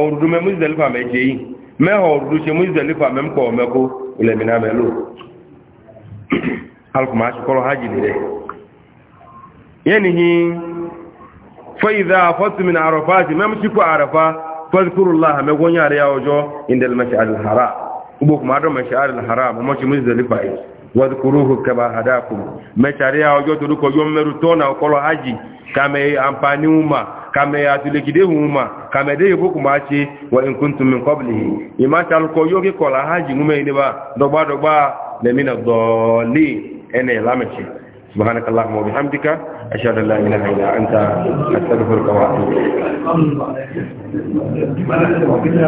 ọ̀rùdù mẹ́ múzẹ̀lífà mẹ́ jẹ́ yìí mẹ́ ọ̀rùdù ṣe múzẹ̀lífà mẹ́ mkọ̀ mẹ́kó ulẹ̀mìnà mẹ́lò alùkùnmá ṣùkọ́rọ̀ hajj nìrẹ̀ yẹ́nì hí fẹ́ìdá fọ́tùmìnà àrọ̀fá ti mẹ́mú ṣíkọ́ àrọ̀fá fọ́tùkúrùláhà mẹ́gbọ́nyà rẹ̀ ọjọ́ ìndẹ̀lmẹ́ṣẹ́ àdìlhàrá gbogbo kuma adọ́ mẹ́ṣẹ́ àdìlhàrá mọ́mọ́ṣẹ́ múzẹ̀lífà yìí wadkuruhu kama hadakum mẹ́ṣẹ́ àríyá ọjọ́ na yọ mẹ́rù tọ́nà ọkọ̀rọ̀ hajj kàmẹ́ àǹfààní kame ya tulekide huma kame de yobu kuma ce wa in kuntum min qablihi ima tal ko yoge ko la haji ngume ne ba dogba dogba le min ad-dallin ene lamace subhanaka allahumma wa bihamdika ashhadu an la ilaha illa anta astaghfiruka wa atubu ilayk